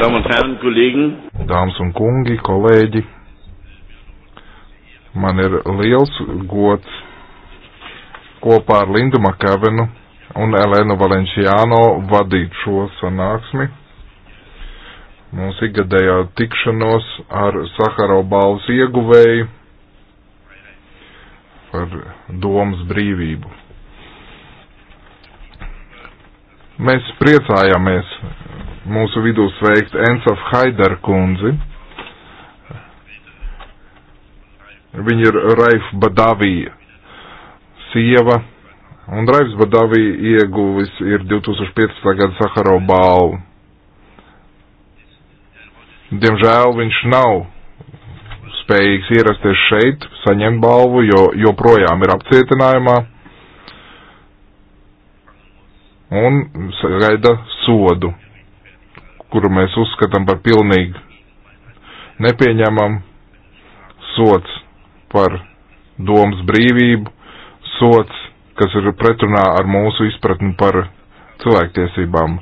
Damen und Herren, Kollegen. Dāmas un kungi, kolēģi, man ir liels gods kopā ar Lindu Makavenu un Elēnu Valenciāno vadīt šo sanāksmi. Mums ikgadējā tikšanos ar Sakaro balvas ieguvēju par domas brīvību. Mēs priecājāmies mūsu vidū sveikt Ensof Haidar kundzi. Viņa ir Raif Badavija sieva, un Raifs Badavija ieguvis ir 2015. gada Sakaro balvu. Diemžēl viņš nav spējīgs ierasties šeit, saņemt balvu, jo joprojām ir apcietinājumā un gaida sodu kuru mēs uzskatām par pilnīgi nepieņemam, sots par domas brīvību, sots, kas ir pretrunā ar mūsu izpratni par cilvēktiesībām.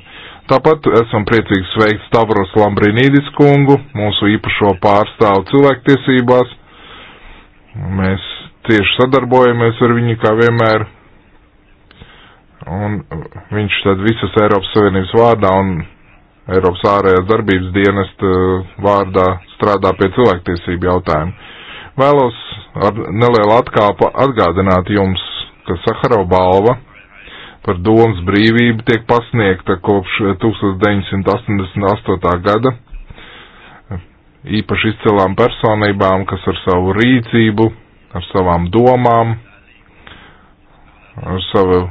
Tāpat esam priecīgi sveikt Stavros Lambrinīdis kungu, mūsu īpašo pārstāvu cilvēktiesībās. Mēs cieši sadarbojamies ar viņu kā vienmēr. Un viņš tad visas Eiropas Savienības vārdā un Eiropas ārējās darbības dienesta eh, vārdā strādā pie cilvēktiesību jautājumu. Vēlos ar nelielu atkāpu atgādināt jums, ka Saharova balva par domas brīvību tiek pasniegta kopš 1988. Eh, gada īpaši izcilām personībām, kas ar savu rīcību, ar savām domām, ar savu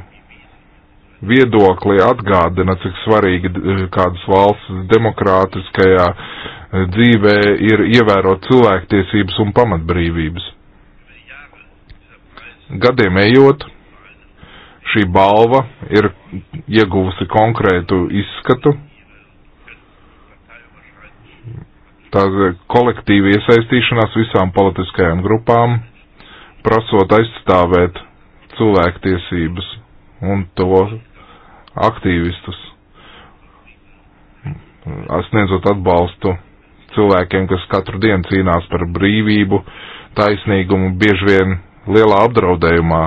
viedokli atgādina, cik svarīgi kādas valsts demokrātiskajā e, dzīvē ir ievērot cilvēktiesības un pamatbrīvības. Gadiem ejot, šī balva ir ieguvusi konkrētu izskatu. Tā e, kolektīva iesaistīšanās visām politiskajām grupām, prasot aizstāvēt cilvēktiesības un to aktīvistus, sniedzot atbalstu cilvēkiem, kas katru dienu cīnās par brīvību, taisnīgumu, bieži vien lielā apdraudējumā,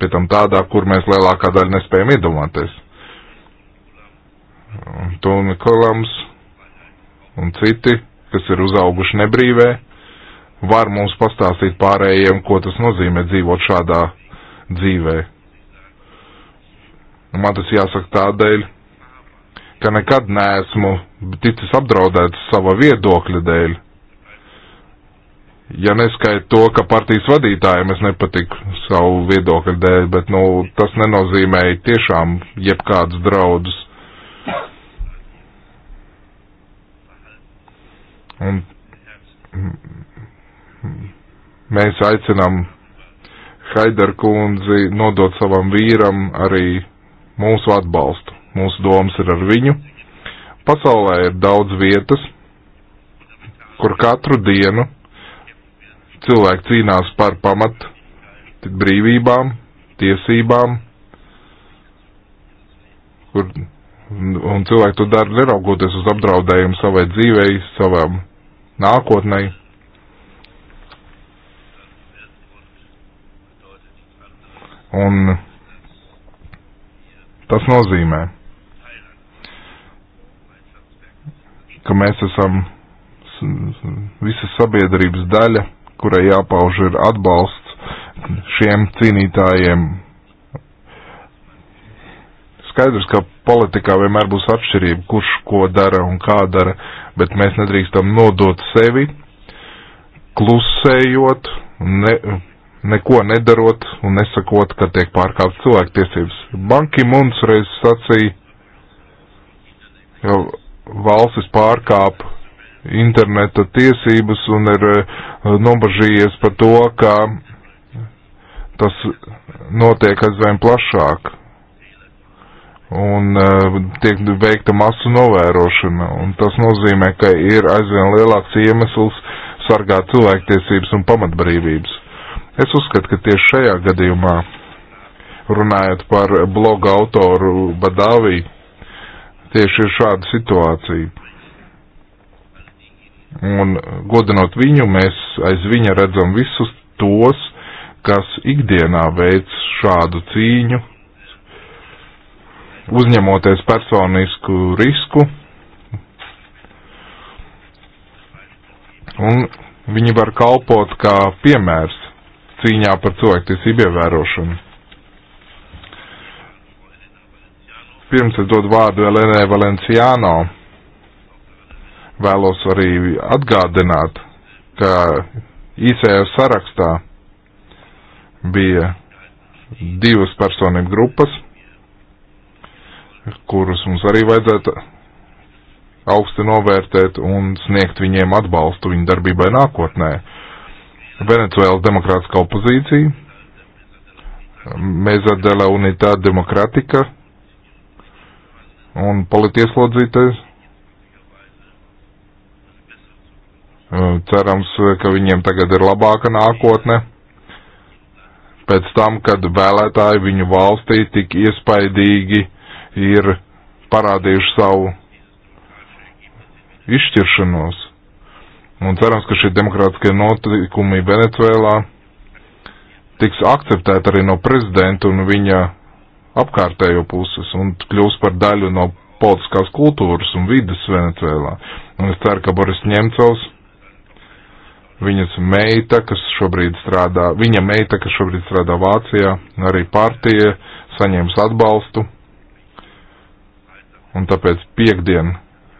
pie tam tādā, kur mēs lielākā daļa nespējam iedomāties. Tūna Kolams un citi, kas ir uzauguši nebrīvē, var mums pastāstīt pārējiem, ko tas nozīmē dzīvot šādā dzīvē. Nu, man tas jāsaka tādēļ, ka nekad neesmu ticis apdraudēts sava viedokļa dēļ. Ja neskait to, ka partijas vadītājiem es nepatiku savu viedokļu dēļ, bet nu, tas nenozīmēja tiešām jebkādas draudus. Un mēs aicinām Haider kundzi nodot savam vīram arī mūsu atbalstu. Mūsu domas ir ar viņu. Pasaulē ir daudz vietas, kur katru dienu cilvēki cīnās par pamat brīvībām, tiesībām, kur, un cilvēki to dara neraugoties uz apdraudējumu savai dzīvei, savām nākotnei. Un Tas nozīmē, ka mēs esam visas sabiedrības daļa, kurai jāpauž ir atbalsts šiem cīnītājiem. Skaidrs, ka politikā vienmēr būs atšķirība, kurš ko dara un kā dara, bet mēs nedrīkstam nodot sevi, klusējot, ne, neko nedarot un nesakot, ka tiek pārkāptas cilvēktiesības. Banki mums reiz sacīja, ka valstis pārkāp interneta tiesības un ir eh, nobažījies par to, ka tas notiek aizvien plašāk un uh, tiek veikta masu novērošana. Un tas nozīmē, ka ir aizvien lielāks iemesls sargāt cilvēktiesības un pamatbrīvības. Es uzskatu, ka tieši šajā gadījumā, runājot par bloga autoru Badāvī, tieši ir šāda situācija. Un godinot viņu, mēs aiz viņa redzam visus tos, kas ikdienā veic šādu cīņu, uzņemoties personisku risku. Un viņi var kalpot kā piemērs cīņā par cilvēktiesību ievērošanu. Pirms es dodu vārdu Elenē Valenciāno, vēlos arī atgādināt, ka ICF sarakstā bija divas personību grupas, kurus mums arī vajadzētu augsti novērtēt un sniegt viņiem atbalstu viņu darbībai nākotnē. Uh, Venecuēlas demokrātiskā opozīcija, Meza de la Unitā Demokratika un politieslodzītais. Eh, cerams, ka viņiem tagad ir labāka nākotne pēc tam, kad vēlētāji viņu valstī tik iespaidīgi ir parādījuši savu izšķiršanos. Un cerams, ka šie demokrātiskie notikumi Venecuēlā tiks akceptēti arī no prezidenta un viņa apkārtējo puses un kļūs par daļu no politiskās kultūras un vidas Venecuēlā. Un es ceru, ka Boris Ņemcovs, viņas meita, kas šobrīd strādā, viņa meita, kas šobrīd strādā Vācijā, arī partija saņems atbalstu. Un tāpēc piekdien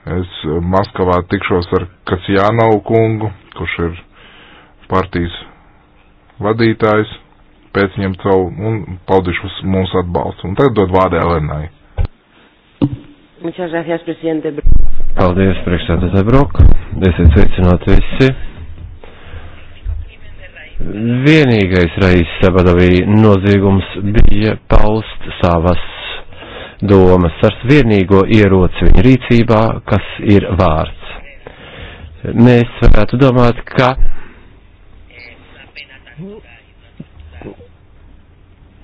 Es Maskavā tikšos ar Kasjānau kungu, kurš ir partijas vadītājs, pēc viņam savu un paudīšu mums atbalstu. Un tagad dod vārdu Elenai. Paldies, priekšsēdētāji Brok. Esiet sveicināti visi. Vienīgais Raisa Sabadovī noziegums bija paust savas domas ar vienīgo ieroci viņa rīcībā, kas ir vārds. Mēs varētu domāt, ka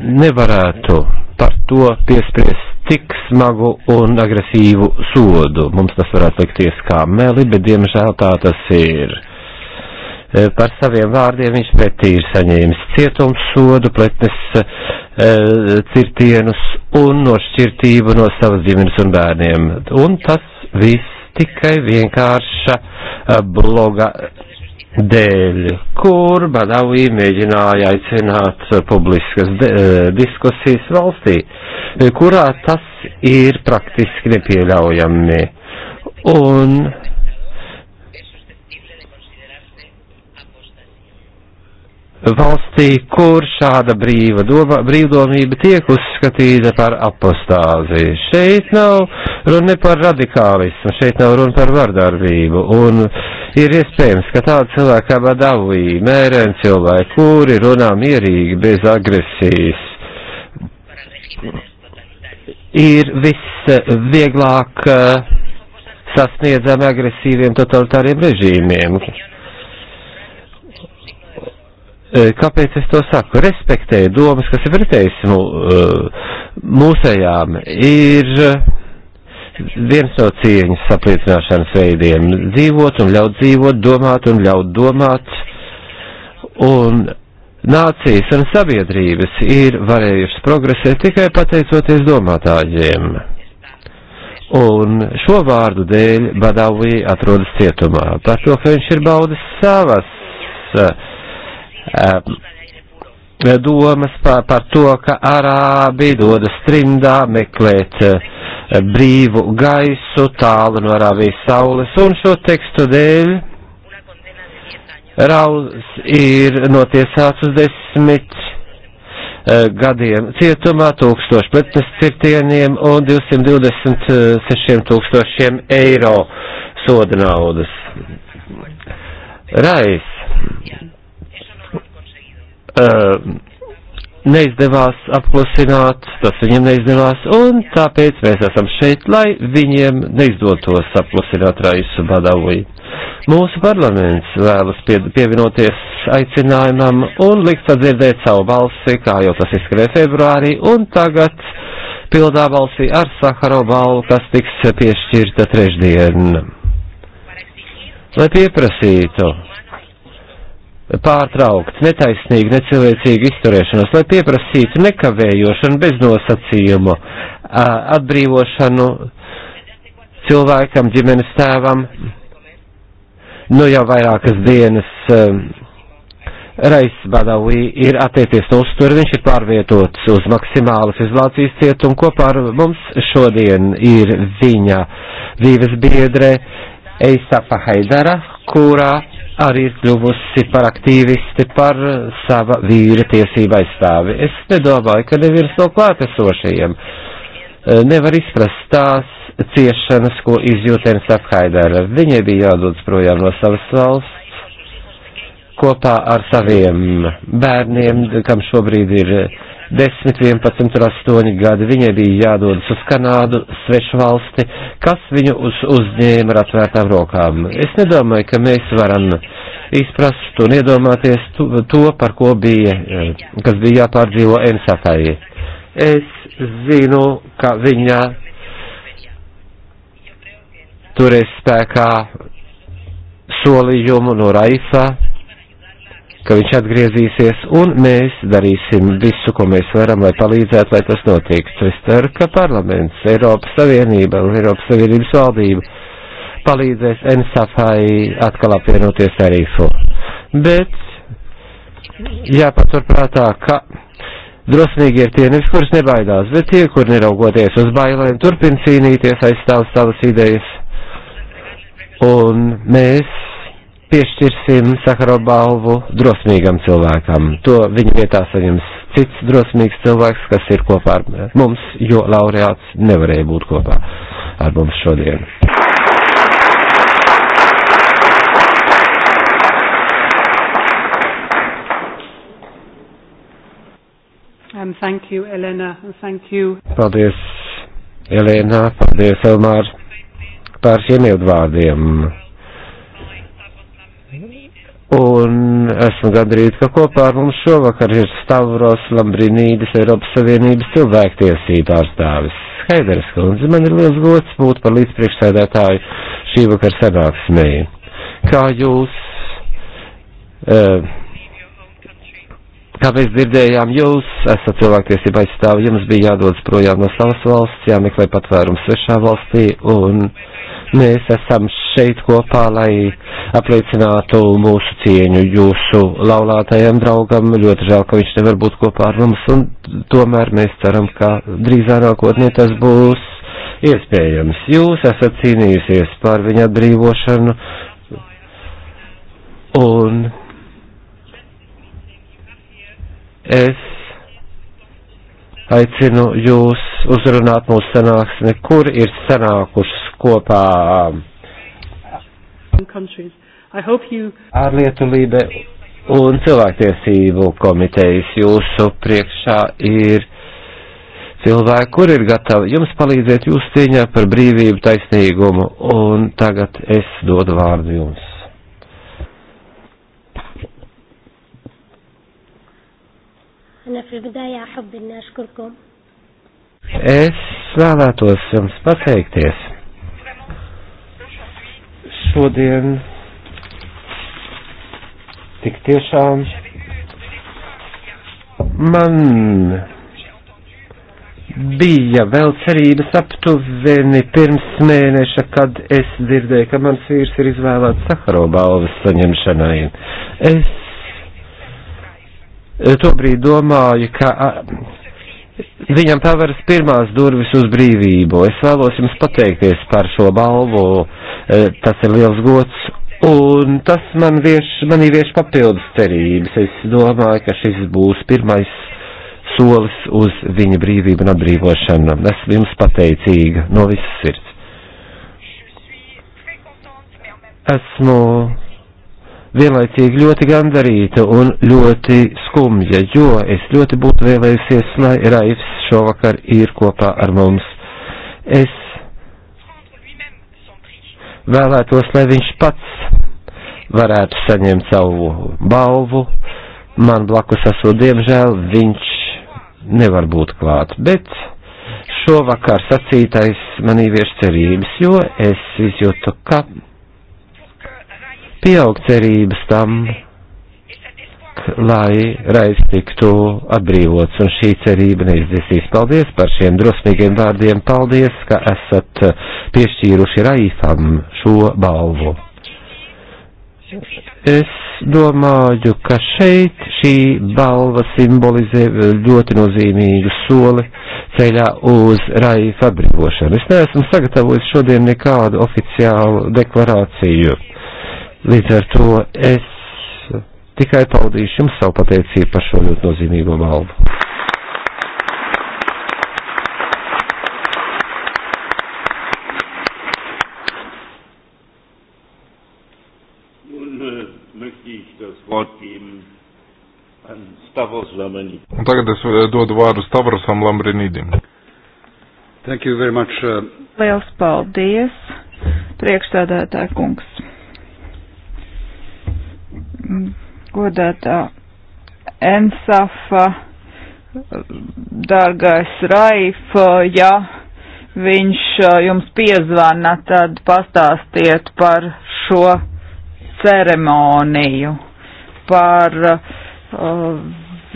nevarētu par to piespriest tik smagu un agresīvu sodu. Mums tas varētu likties kā meli, bet diemžēl tā tas ir. Eh, par saviem vārdiem viņš pretī ir saņēmis cietumsodu, pletnes e, cirtienus un nošķirtību no savas ģimenes un bērniem. Un tas viss tikai vienkārša eh, bloga dēļ, kur Badavī mēģināja aicināt publiskas de, diskusijas valstī, kurā tas ir praktiski nepieļaujami. Un valstī, kur šāda brīva doma, brīvdomība tiek uzskatīta par apostāzi. Šeit nav runa ne par radikālismu, šeit nav runa par vardarbību. Un ir iespējams, ka tāda cilvēka kā Badavī, mērēn cilvēki, kuri runā mierīgi, bez agresijas, ir visvieglāk eh, sasniedzami agresīviem totalitāriem režīmiem. Eh, kāpēc es to saku? Respektēju domas, kas ir pretējas mū, eh, mūsējām, ir eh, viens no cieņas apliecināšanas veidiem - dzīvot un ļaut dzīvot, domāt un ļaut domāt. Un nācijas un sabiedrības ir varējušas progresēt tikai pateicoties domātājiem. Un šo vārdu dēļ Badavī atrodas cietumā par to, ka viņš ir baudis savas uh, um, domas par, par to, ka arābi dodas trimdā meklēt uh, brīvu gaisu tālu no arābijas saules, un šo tekstu dēļ Rauls ir notiesāts uz desmit eh, gadiem cietumā, tūkstoši pletnes cirtieniem un 226 tūkstošiem eiro soda naudas. Rais neizdevās apklusināt, tas viņiem neizdevās, un tāpēc mēs esam šeit, lai viņiem neizdotos apklusināt Raisu Badavuju. Mūsu parlaments vēlas pievienoties aicinājumam un likt sadzirdēt savu balsi, kā jau tas izskanēja februārī, un tagad pildā balsi ar Sakaro balvu, kas tiks piešķirta trešdien. Lai pieprasītu pārtraukt netaisnīgu, necilvēcīgu izturēšanos, lai pieprasītu nekavējošanu bez nosacījumu, atbrīvošanu cilvēkam, ģimenes tēvam, nu jau vairākas dienas um, Rais Badawī ir attiecies no uzturi, viņš ir pārvietots uz maksimālas izlācijas cietumu, kopā ar mums šodien ir viņa dzīves biedre Eisafa Haidara, kurā arī ir kļuvusi par aktīvisti, par sava vīra tiesība aizstāvi. Es nedomāju, ka neviens no klātesošajiem e, nevar izprast tās ciešanas, ko izjūta Ernsta Haidera. Viņai bija jādodas projām no savas valsts kopā ar saviem bērniem, kam šobrīd ir 10, 11 un 8 gadi. Viņai bija jādodas uz Kanādu, svešu valsti, kas viņu uz, uzņēma ar atvērtām rokām. Es nedomāju, ka mēs varam izprast un iedomāties to, to par ko bija, eh, kas bija jāpārdzīvo Ensatai. Es zinu, ka viņa turēs spēkā solījumu no Raisa ka viņš atgriezīsies, un mēs darīsim visu, ko mēs varam, lai palīdzētu, lai tas notiktu. Es ceru, ka parlaments, Eiropas Savienība un Eiropas Savienības valdība palīdzēs NSAFai atkal apvienoties tarifu. Bet jāpaturprātā, ka drosmīgi ir tie, nevis kurš nebaidās, bet tie, kur neraugoties uz bailēm, turpin cīnīties, aizstāv savas idejas. Un mēs piešķirsim Sakaro balvu drosmīgam cilvēkam. To viņa vietā saņems cits drosmīgs cilvēks, kas ir kopā ar mums, jo laureāts nevarēja būt kopā ar mums šodien. Um, thank you, Elena, and thank you. Paldies, Elena, paldies, Elmār, par šiem ievadvārdiem. esmu gandrīz, ka kopā ar mums šovakar ir Stavros Lambrinīdis, Eiropas Savienības cilvēktiesība pārstāvis. Heideris Kundze, man ir liels gods būt par līdzpriekšsēdētāju šī vakar sanāksmēji. Kā jūs? Uh, kā mēs dzirdējām, jūs esat cilvēktiesība aizstāvi, jums bija jādodas projām no savas valsts, jāmeklē patvērums svešā valstī, un mēs esam šeit kopā, lai apliecinātu mūsu cieņu jūsu laulātajam draugam. Ļoti žēl, ka viņš nevar būt kopā ar mums, un tomēr mēs ceram, ka drīzā nākotnē tas būs iespējams. Jūs esat cīnījusies par viņa atbrīvošanu, un Es aicinu jūs uzrunāt mūsu sanāksmi, kur ir sanākušas kopā ārlietu līde un cilvēktiesību komitejas jūsu priekšā ir cilvēki, kur ir gatavi jums palīdzēt jūsu cīņā par brīvību, taisnīgumu, un tagad es dodu vārdu jums. Es vēlētos jums pateikties. Šodien tik tiešām man bija vēl cerības aptuveni pirms mēneša, kad es dzirdēju, ka mans vīrs ir izvēlēts Sakaro balvas saņemšanai. Es Eh, tobrīd domāju, ka viņam paveras pirmās durvis uz brīvību. Es vēlos jums pateikties par šo balvu, eh, tas ir liels gods. Un tas man vieš, manī vieš papildus cerības. Es domāju, ka šis būs pirmais solis uz viņa brīvību un atbrīvošanu. Esmu jums pateicīga no visas sirds. Esmu vienlaicīgi ļoti gandarīta un ļoti skumja, jo es ļoti būtu vēlējusies, lai Raifs šovakar ir kopā ar mums. Es vēlētos, lai viņš pats varētu saņemt savu balvu. Man blakus esot, diemžēl, viņš nevar būt klāt, bet šovakar sacītais man ievieš cerības, jo es izjūtu, ka pieaug cerības tam, lai raiz tiktu atbrīvots, un šī cerība neizdzēsīs. Paldies par šiem drosmīgiem vārdiem, paldies, ka esat piešķīruši Raifam šo balvu. Es domāju, ka šeit šī balva simbolizē ļoti nozīmīgu soli ceļā uz Raifa atbrīvošanu. Es neesmu sagatavojis šodien nekādu oficiālu deklarāciju Līdz ar to es tikai paudīšu jums savu pateicību par šo ļoti nozīmīgo balvu. Äh, Un tagad es äh, dodu vārdu Stavrosam Lambrinīdim. Thank you very much. Uh... Liels paldies, priekšstādātā kungs godētā Ensafa, dārgais Raif, ja viņš jums piezvana, tad pastāstiet par šo ceremoniju, par uh,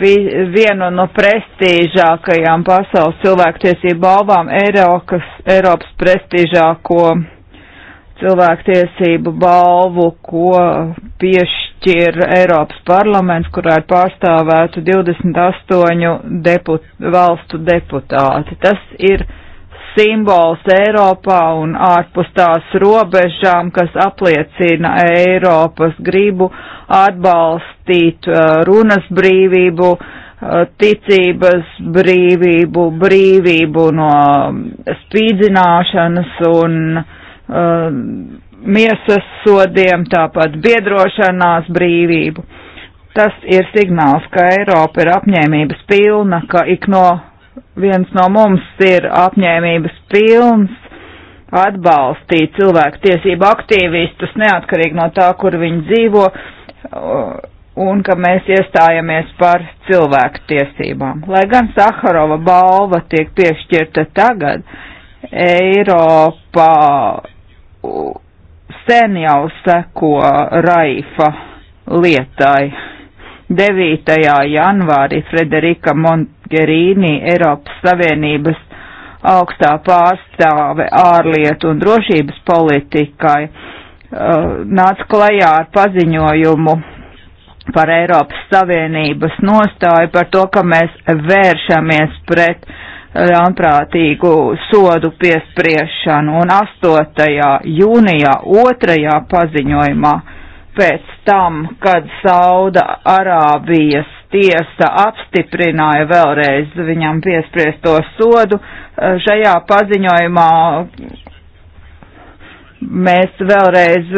vi, vienu no prestīžākajām pasaules cilvēktiesību balvām, Eiropas, Eiropas prestīžāko cilvēktiesību balvu, ko piešķir mērķi ir Eiropas parlaments, kurā ir pārstāvēta 28 deput, valstu deputāti. Tas ir simbols Eiropā un ārpus tās robežām, kas apliecina Eiropas gribu atbalstīt uh, runas brīvību, uh, ticības brīvību, brīvību no spīdzināšanas un uh, miesas sodiem, tāpat biedrošanās brīvību. Tas ir signāls, ka Eiropa ir apņēmības pilna, ka ik no viens no mums ir apņēmības pilns atbalstīt cilvēku tiesību aktīvistus neatkarīgi no tā, kur viņi dzīvo, un ka mēs iestājamies par cilvēku tiesībām. Lai gan Saharova balva tiek piešķirta tagad, Eiropā sen jau seko Raifa lietai. 9. janvārī Frederika Mongerīni Eiropas Savienības augstā pārstāve ārlietu un drošības politikai uh, nāca klajā ar paziņojumu par Eiropas Savienības nostāju par to, ka mēs vēršamies pret ļaunprātīgu sodu piespriešanu un 8. jūnijā otrajā paziņojumā pēc tam, kad Sauda Arābijas tiesa apstiprināja vēlreiz viņam piespriesto sodu, šajā paziņojumā mēs vēlreiz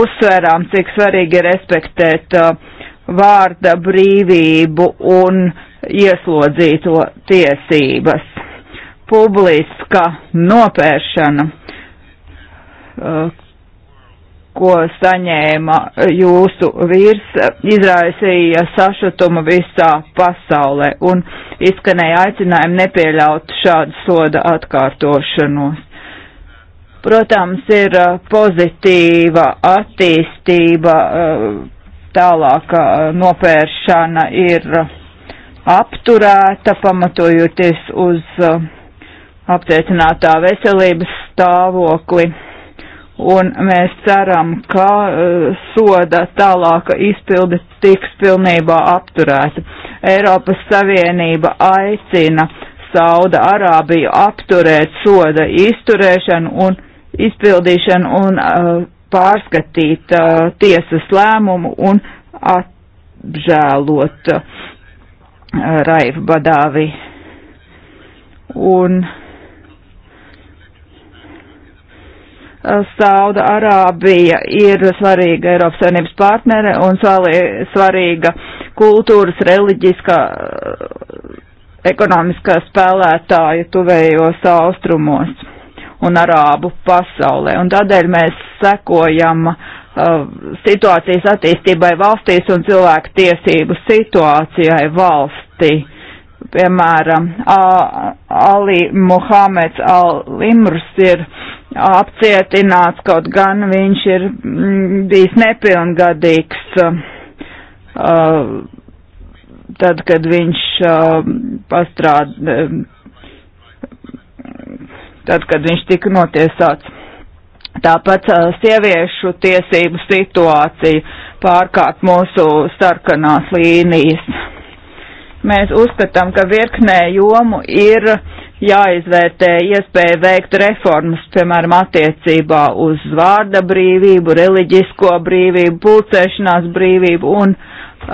uzsvērām, cik svarīgi ir respektēt uh, vārda brīvību un ieslodzīto tiesības. Publiska nopēršana, eh, ko saņēma jūsu vīrs, izraisīja sašutumu visā pasaulē un izskanēja aicinājumu nepieļaut šādu soda atkārtošanos. Protams, ir eh, pozitīva attīstība, eh, tālāka nopēršana ir apturēta, pamatojoties uz uh, apcietinātā veselības stāvokli. Un mēs ceram, ka uh, soda tālāka izpilde tiks pilnībā apturēta. Eiropas Savienība aicina Sauda Arābiju apturēt soda izturēšanu un izpildīšanu un uh, pārskatīt uh, tiesas lēmumu un apžēlot uh, Raivu Badāvi. Un eh, Sauda Arābija ir svarīga Eiropas Savienības partnere un svarīga kultūras, reliģiskā, eh, ekonomiskā spēlētāja tuvējos austrumos un arābu pasaulē. Un tādēļ mēs sekojam uh, Uh, situācijas attīstībai valstīs un cilvēku tiesību situācijai valstī. Piemēram, Ali Muhameds Al-Limrs ir apcietināts, kaut gan viņš ir mm, bijis nepilngadīgs, uh, tad, kad viņš uh, pastrād, tad, kad viņš tika notiesāts. Tāpat sieviešu tiesību situācija pārkāp mūsu starkanās līnijas. Mēs uzskatām, ka virknē jomu ir jāizvērtē iespēja veikt reformas, piemēram, attiecībā uz vārda brīvību, reliģisko brīvību, pulcēšanās brīvību un uh,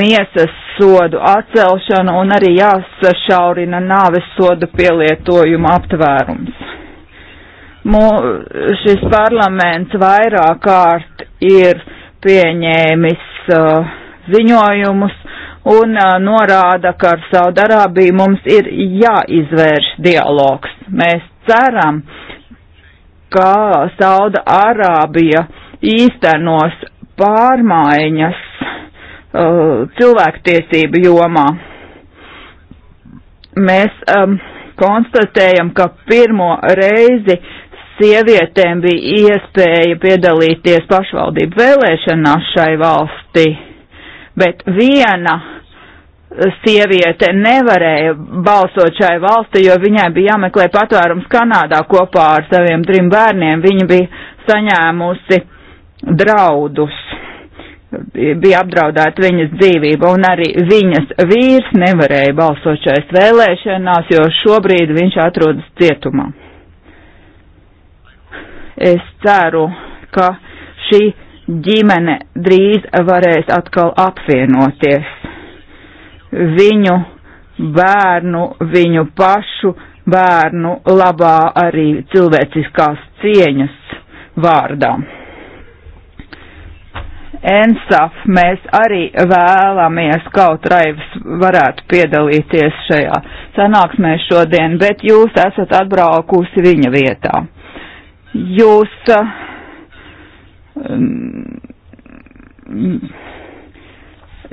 miesas sodu atcelšanu un arī jāsašaurina nāves sodu pielietojuma aptvērums. Mū, šis parlaments vairāk kārt ir pieņēmis uh, ziņojumus un uh, norāda, ka ar Saudarābiju mums ir jāizvērš dialogs. Mēs ceram, ka Sauda Arābija īstenos pārmaiņas uh, cilvēktiesību jomā. Mēs um, konstatējam, ka pirmo reizi sievietēm bija iespēja piedalīties pašvaldību vēlēšanās šai valstī, bet viena sieviete nevarēja balsot šai valstī, jo viņai bija jāmeklē patvērums Kanādā kopā ar saviem trim bērniem. Viņa bija saņēmusi draudus, bija apdraudēta viņas dzīvība, un arī viņas vīrs nevarēja balsot šais vēlēšanās, jo šobrīd viņš atrodas cietumā. Es ceru, ka šī ģimene drīz varēs atkal apvienoties. Viņu bērnu, viņu pašu bērnu labā arī cilvēciskās cieņas vārdā. ENSAF mēs arī vēlamies kaut raivs varētu piedalīties šajā sanāksmē šodien, bet jūs esat atbraukusi viņa vietā jūs uh, um,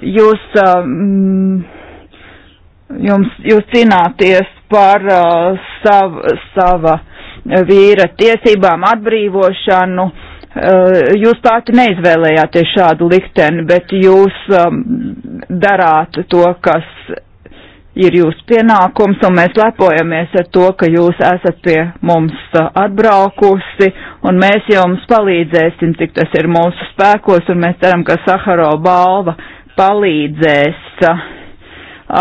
jūs uh, mm, jums, jūs cīnāties par uh, sav, sava vīra tiesībām atbrīvošanu. Jūs pati neizvēlējāties šādu likteni, bet jūs um, darāt to, kas ir jūsu pienākums, un mēs lepojamies ar to, ka jūs esat pie mums atbraukusi, un mēs jums palīdzēsim, cik tas ir mūsu spēkos, un mēs ceram, ka Saharo balva palīdzēs uh,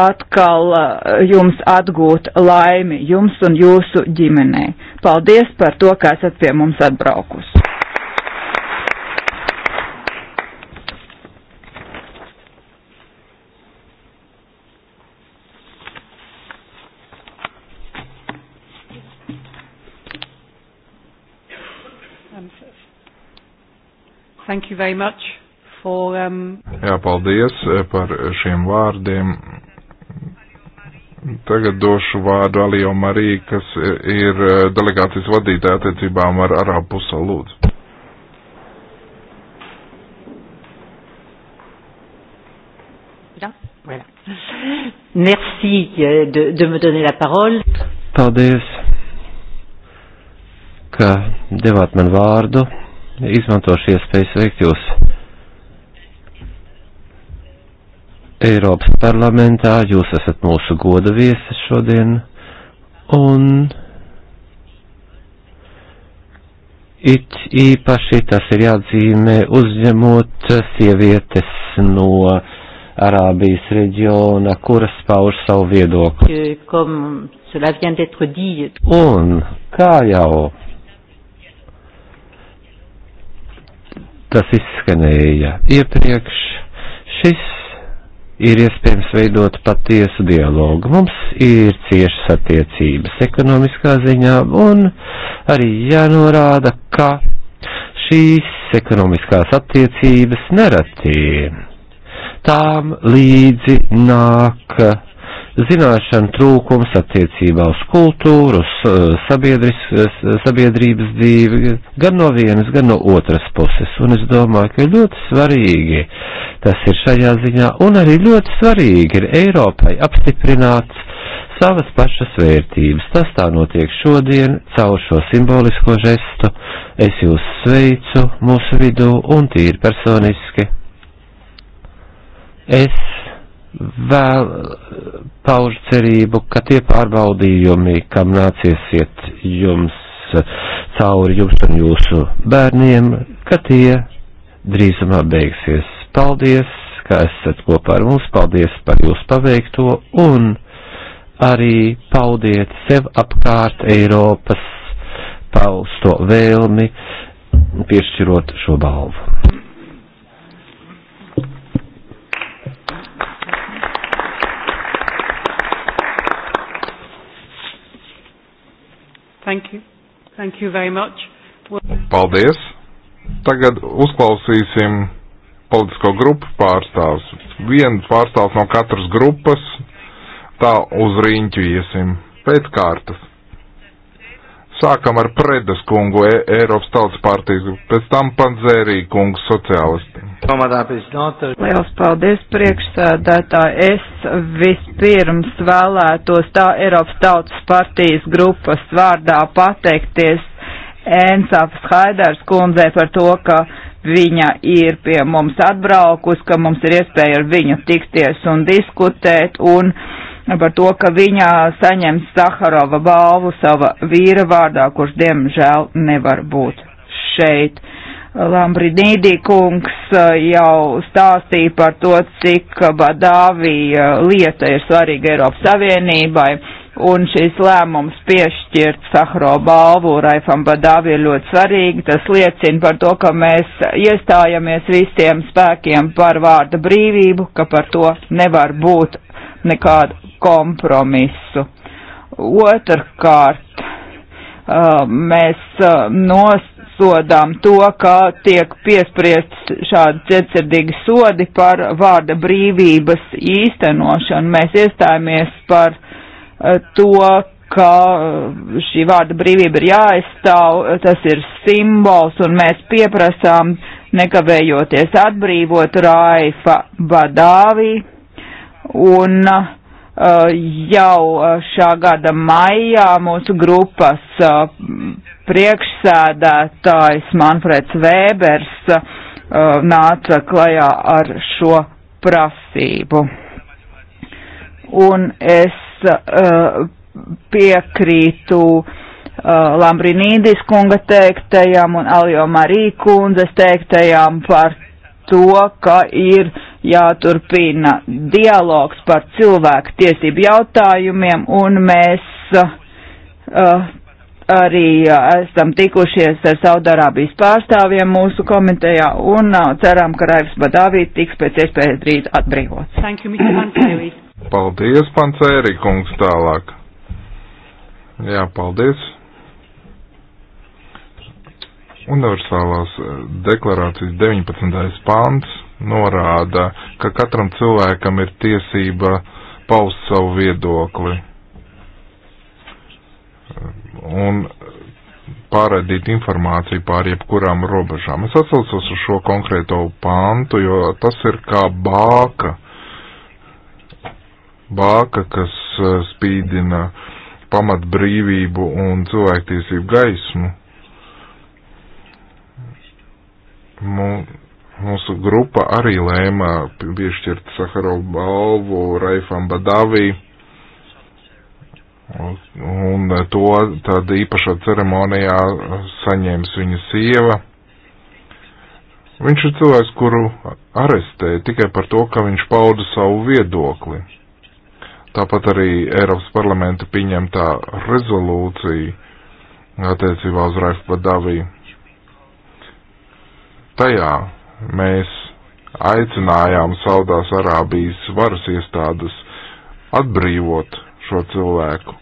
atkal uh, jums atgūt laimi jums un jūsu ģimenei. Paldies par to, ka esat pie mums atbraukusi. Thank you very much for. Um... Jā, paldies eh, par šiem vārdiem. Tagad došu vārdu Alijo Marī, kas eh, ir eh, delegācijas vadītāja attiecībām ar Arābu pusalu lūdzu. Ja? Voilà. Merci euh, de, de me donner la parole. Paldies, ka devāt man vārdu izmantošu iespēju sveikt jūs Eiropas parlamentā, jūs esat mūsu goda viesis šodien, un it īpaši tas ir jāatzīmē uzņemot sievietes no Arābijas reģiona, kuras pauž savu viedokli. Un kā jau tas izskanēja iepriekš. Šis ir iespējams veidot patiesu dialogu. Mums ir ciešas attiecības ekonomiskā ziņā un arī jānorāda, ka šīs ekonomiskās attiecības nereti tām līdzi nāk zināšanu trūkums attiecībā uz kultūru, uz eh, sabiedrības dzīvi, gan no vienas, gan no otras puses. Un es domāju, ka ļoti svarīgi tas ir šajā ziņā, un arī ļoti svarīgi ir Eiropai apstiprināts savas pašas vērtības. Tas tā notiek šodien, caur šo simbolisko žestu. Es jūs sveicu mūsu vidū un tīri personiski. Es vēl pauž cerību, ka tie pārbaudījumi, kam nācies iet jums cauri jums un jūsu bērniem, ka tie drīzumā beigsies. Paldies, ka esat kopā ar mums, paldies par jūsu paveikto un arī paudiet sev apkārt Eiropas pausto vēlmi, piešķirot šo balvu. Thank you. Thank you very much. Well... Paldies. Tagad uzklausīsim politisko grupu pārstāvs. Viens pārstāvs no katras grupas, tā uz riņķu iesim pēc kārtas. Sākam ar Predas kungu, e Eiropas tautas partijas, pēc tam Panzērī kungu sociālisti. Liels paldies priekšsēdētāji. Es vispirms vēlētos tā Eiropas tautas partijas grupas vārdā pateikties Ensaps Haidars kundzei par to, ka viņa ir pie mums atbraukus, ka mums ir iespēja ar viņu tikties un diskutēt. Un, uh, par to, ka viņa saņem Saharova balvu sava vīra vārdā, kurš diemžēl nevar būt šeit. Lambrinīdī kungs uh, jau stāstīja par to, cik Badāvija uh, lieta ir svarīga Eiropas Savienībai, un šis lēmums piešķirt Sahro balvu Raifam Badāvi ir ļoti svarīgi. Tas liecina par to, ka mēs iestājamies visiem spēkiem par vārda brīvību, ka par to nevar būt nekādu kompromisu. Otrkārt, uh, mēs uh, nosodām to, ka tiek piespriests šādi cietsirdīgi sodi par vārda brīvības īstenošanu. Mēs iestājāmies par uh, to, ka šī vārda brīvība ir jāaizstāv, tas ir simbols, un mēs pieprasām nekavējoties atbrīvot Raifa Badāvī un uh, Eh, jau eh, šā gada maijā mūsu grupas eh, priekšsēdētājs Manfreds Vēbers nāca klajā ar šo prasību. Un es piekrītu Lambrinīdis kunga teiktajam un Aljo Marī kundzes teiktajam par to, ka ir uh, jāturpina dialogs par cilvēku tiesību jautājumiem, un mēs uh, arī uh, esam tikušies ar Saudarābijas pārstāvjiem mūsu komitejā, un uh, ceram, ka Raivs Badāvī tiks pēc iespējas drīz atbrīvots. Thank you, Mr. Pancēri. Paldies, Pancēri kungs, tālāk. Jā, paldies universālās uh, deklarācijas 19. pāns norāda, ka katram cilvēkam ir tiesība paust savu viedokli un pārādīt informāciju pār jebkurām robežām. Es atsaucos uz šo konkrēto pāntu, jo tas ir kā bāka, bāka, kas eh, spīdina pamat brīvību un cilvēktiesību gaismu. Mums Mūsu grupa arī lēma piešķirt Sakarovu balvu Raifam Badavī. Un to tad īpašā ceremonijā saņēmis viņa sieva. Viņš ir cilvēks, kuru arestēja tikai par to, ka viņš pauda savu viedokli. Tāpat arī Eiropas parlamenta pieņemtā rezolūcija attiecībā uz Raifu Badavī. Tajā mēs aicinājām Saudās Arābijas varas iestādes atbrīvot šo cilvēku.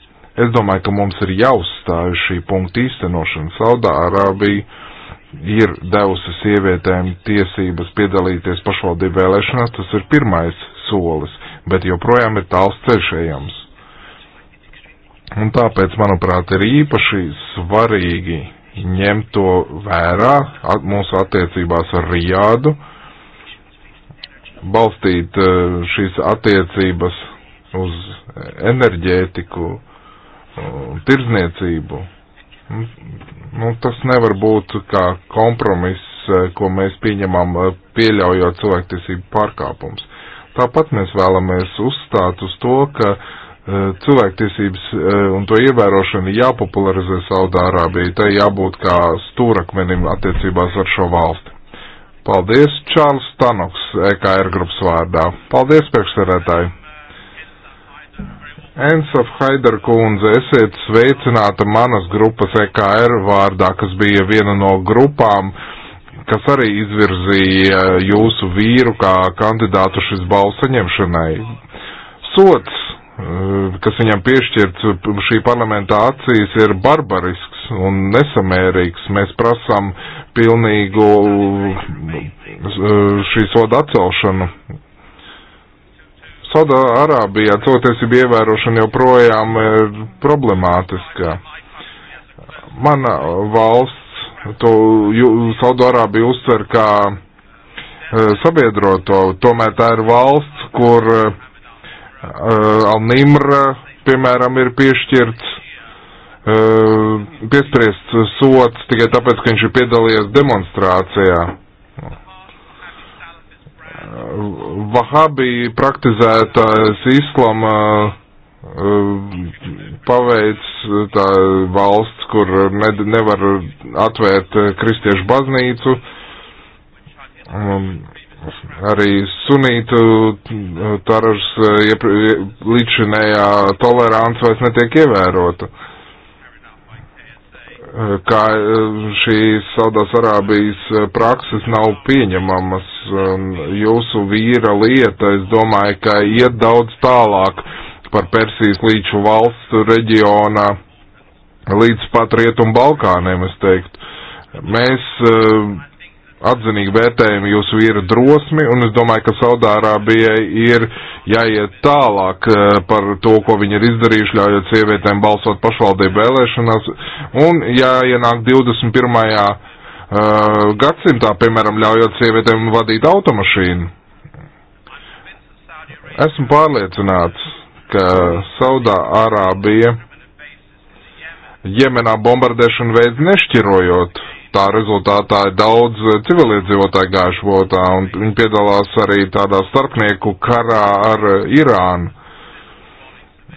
Es domāju, ka mums ir jāuzstāj šī punkta īstenošana. Saudā Arābija ir devusi sievietēm tiesības piedalīties pašvaldību vēlēšanās, tas ir pirmais solis, bet joprojām ir tāls ceļš ejams. Un tāpēc, manuprāt, ir īpaši svarīgi ņemt to vērā at, mūsu attiecībās ar Rijādu, balstīt eh, šīs attiecības uz enerģētiku, eh, tirzniecību. Nu, tas nevar būt kā kompromiss, eh, ko mēs pieņemam, pieļaujot cilvēktiesību pārkāpums. Tāpat mēs vēlamies uzstāt uz to, ka uh, Eh, cilvēktiesības eh, un to ievērošana jāpopularizē Saudārābija. Tai jābūt kā stūrakmenim attiecībās ar šo valsti. Paldies, Čārls Tanoks, EKR grupas vārdā. Paldies, priekšsarētāji. Ensaf Haidar kundze, esiet sveicināta manas grupas EKR vārdā, kas bija viena no grupām, kas arī izvirzīja jūsu vīru kā kandidātu šis balsaņemšanai. Sots kas viņam piešķirts šī parlamenta acīs, ir barbarisks un nesamērīgs. Mēs prasām pilnīgu šī soda atcelšanu. Saudā Arābijā cilvēktiesību ievērošana joprojām ir problemātiskā. Mana valsts to Saudārābiju uztver kā sabiedroto, tomēr tā ir valsts, kur uh, Alnimra, piemēram, ir piešķirts, piespriests sots tikai tāpēc, ka viņš ir piedalījies demonstrācijā. Vahabī praktizētājs islama paveic tā valsts, kur ne, nevar atvērt kristiešu baznīcu. Um, arī sunītu eh, taražas eh, līdzinējā tolerants vairs netiek ievērota. Eh, kā šī Saudās Arābijas prakses nav pieņemamas, jūsu vīra lieta, es domāju, ka iet daudz tālāk par Persijas līču valstu reģiona līdz pat Rietumu Balkāniem, es teiktu. Mēs uh, atzinīgi vērtējam jūsu vīru drosmi, un es domāju, ka Saudārābijai ir jāiet tālāk eh, par to, ko viņi ir izdarījuši, ļaujot sievietēm balsot pašvaldību vēlēšanās, un jāienāk 21. Uh, gadsimtā, piemēram, ļaujot sievietēm vadīt automašīnu. Esmu pārliecināts, ka Saudārābija Jemenā bombardēšanu veids nešķirojot tā rezultātā ir daudz eh, civiliedzīvotāju gājuši votā, un viņi piedalās arī tādā starpnieku karā ar eh, Irānu.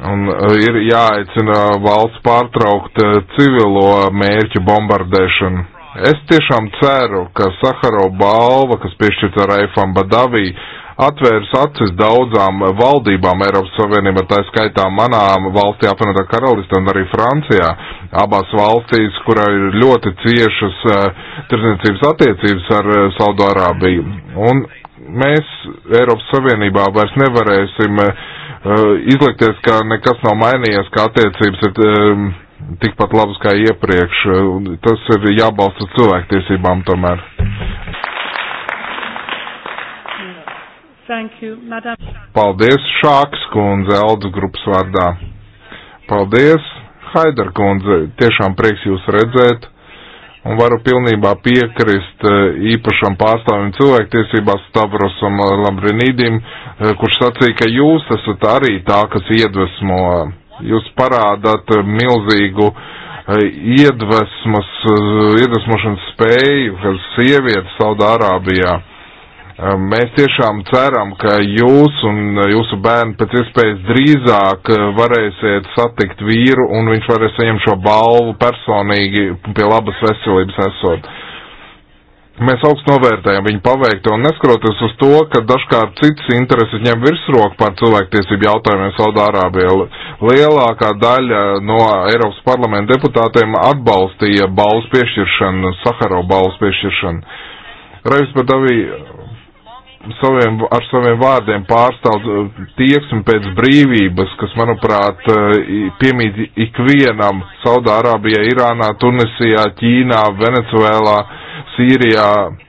Un eh, ir jāaicina valsts pārtraukt civilo mērķu bombardēšanu. Es tiešām ceru, ka Sakaro balva, kas piešķirta Raifam Badavī, atvērs acis daudzām valdībām Eiropas Savienībā, tā skaitā manām valstī, apvienotā karalistē un arī Francijā, abās valstīs, kurā ir ļoti ciešas uh, eh, tirsniecības attiecības ar uh, Saudārābiju. Un mēs Eiropas Savienībā vairs nevarēsim uh, izlikties, ka nekas nav mainījies, ka attiecības ir. Uh, tikpat labas kā iepriekš. Tas ir jābalsta cilvēktiesībām tomēr. Thank you, Madam. Paldies, Šāks kundze, Aldus grupas vārdā. Paldies, Haidar kundze, tiešām prieks jūs redzēt. Un varu pilnībā piekrist eh, īpašam pārstāvim cilvēktiesībās Stavrosam eh, Lambrinīdim, eh, kurš sacīja, ka jūs esat arī tā, kas iedvesmo. Jūs parādāt milzīgu iedvesmas, iedvesmošanas spēju, kas sievietes Saudārābijā. Arābijā Mēs tiešām ceram, ka jūs un jūsu bērni pēc iespējas drīzāk eh, varēsiet satikt vīru un viņš varēs saņemt šo balvu personīgi pie labas veselības esot. Mēs augstu novērtējam viņu paveikto un neskroties uz to, ka dažkārt cits intereses ņem virsroku par cilvēktiesību jautājumiem Saudārābijā. Lielākā daļa no Eiropas parlamenta deputātiem atbalstīja balvas piešķiršanu, Saharo balvas piešķiršanu. Reivis Badavī saviem, ar saviem vārdiem pārstāv uh, tieksmi pēc brīvības, kas, manuprāt, uh, piemīt ikvienam Saudārābijā, Irānā, Tunisijā, Ķīnā, Venecuēlā, Sīrijā.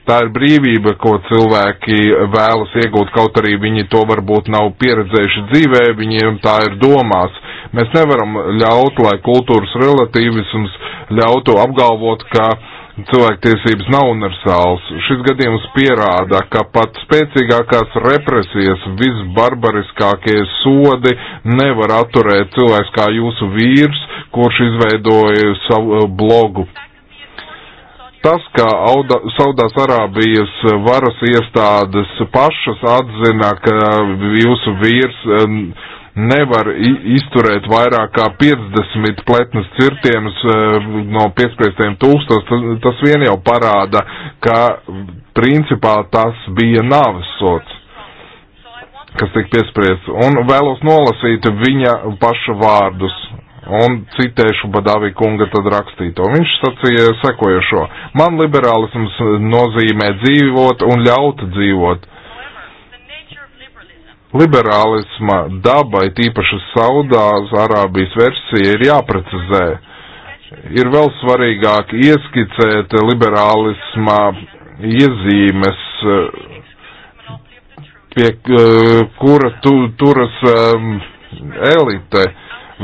Tā ir brīvība, ko cilvēki vēlas iegūt, kaut arī viņi to varbūt nav pieredzējuši dzīvē, viņiem tā ir domās. Mēs nevaram ļaut, lai kultūras relativisms ļautu apgalvot, ka uh, cilvēktiesības nav universāls. Šis gadījums pierāda, ka pat spēcīgākās represijas, visbarbariskākie sodi nevar atturēt cilvēks kā jūsu vīrs, kurš izveidoja savu eh, blogu. Tas, ka Auda, Saudās Arābijas varas iestādes pašas atzina, ka jūsu vīrs eh, nevar izturēt vairāk kā 50 pletnes cirtiemus eh, no piespriestiem tūkstos, tas, tas vien jau parāda, ka principā tas bija nāves sots, kas tika piespriests. Un vēlos nolasīt viņa paša vārdus. Un citēšu Badavī kunga tad rakstīto. Viņš sacīja sekojošo. Man liberālisms nozīmē dzīvot un ļaut dzīvot. Uh, Liberālisma daba, it īpaši Saudās Arābijas versija, ir jāprecizē. Ir vēl svarīgāk ieskicēt liberālisma iezīmes, pie eh, kura tu, turas um, elite.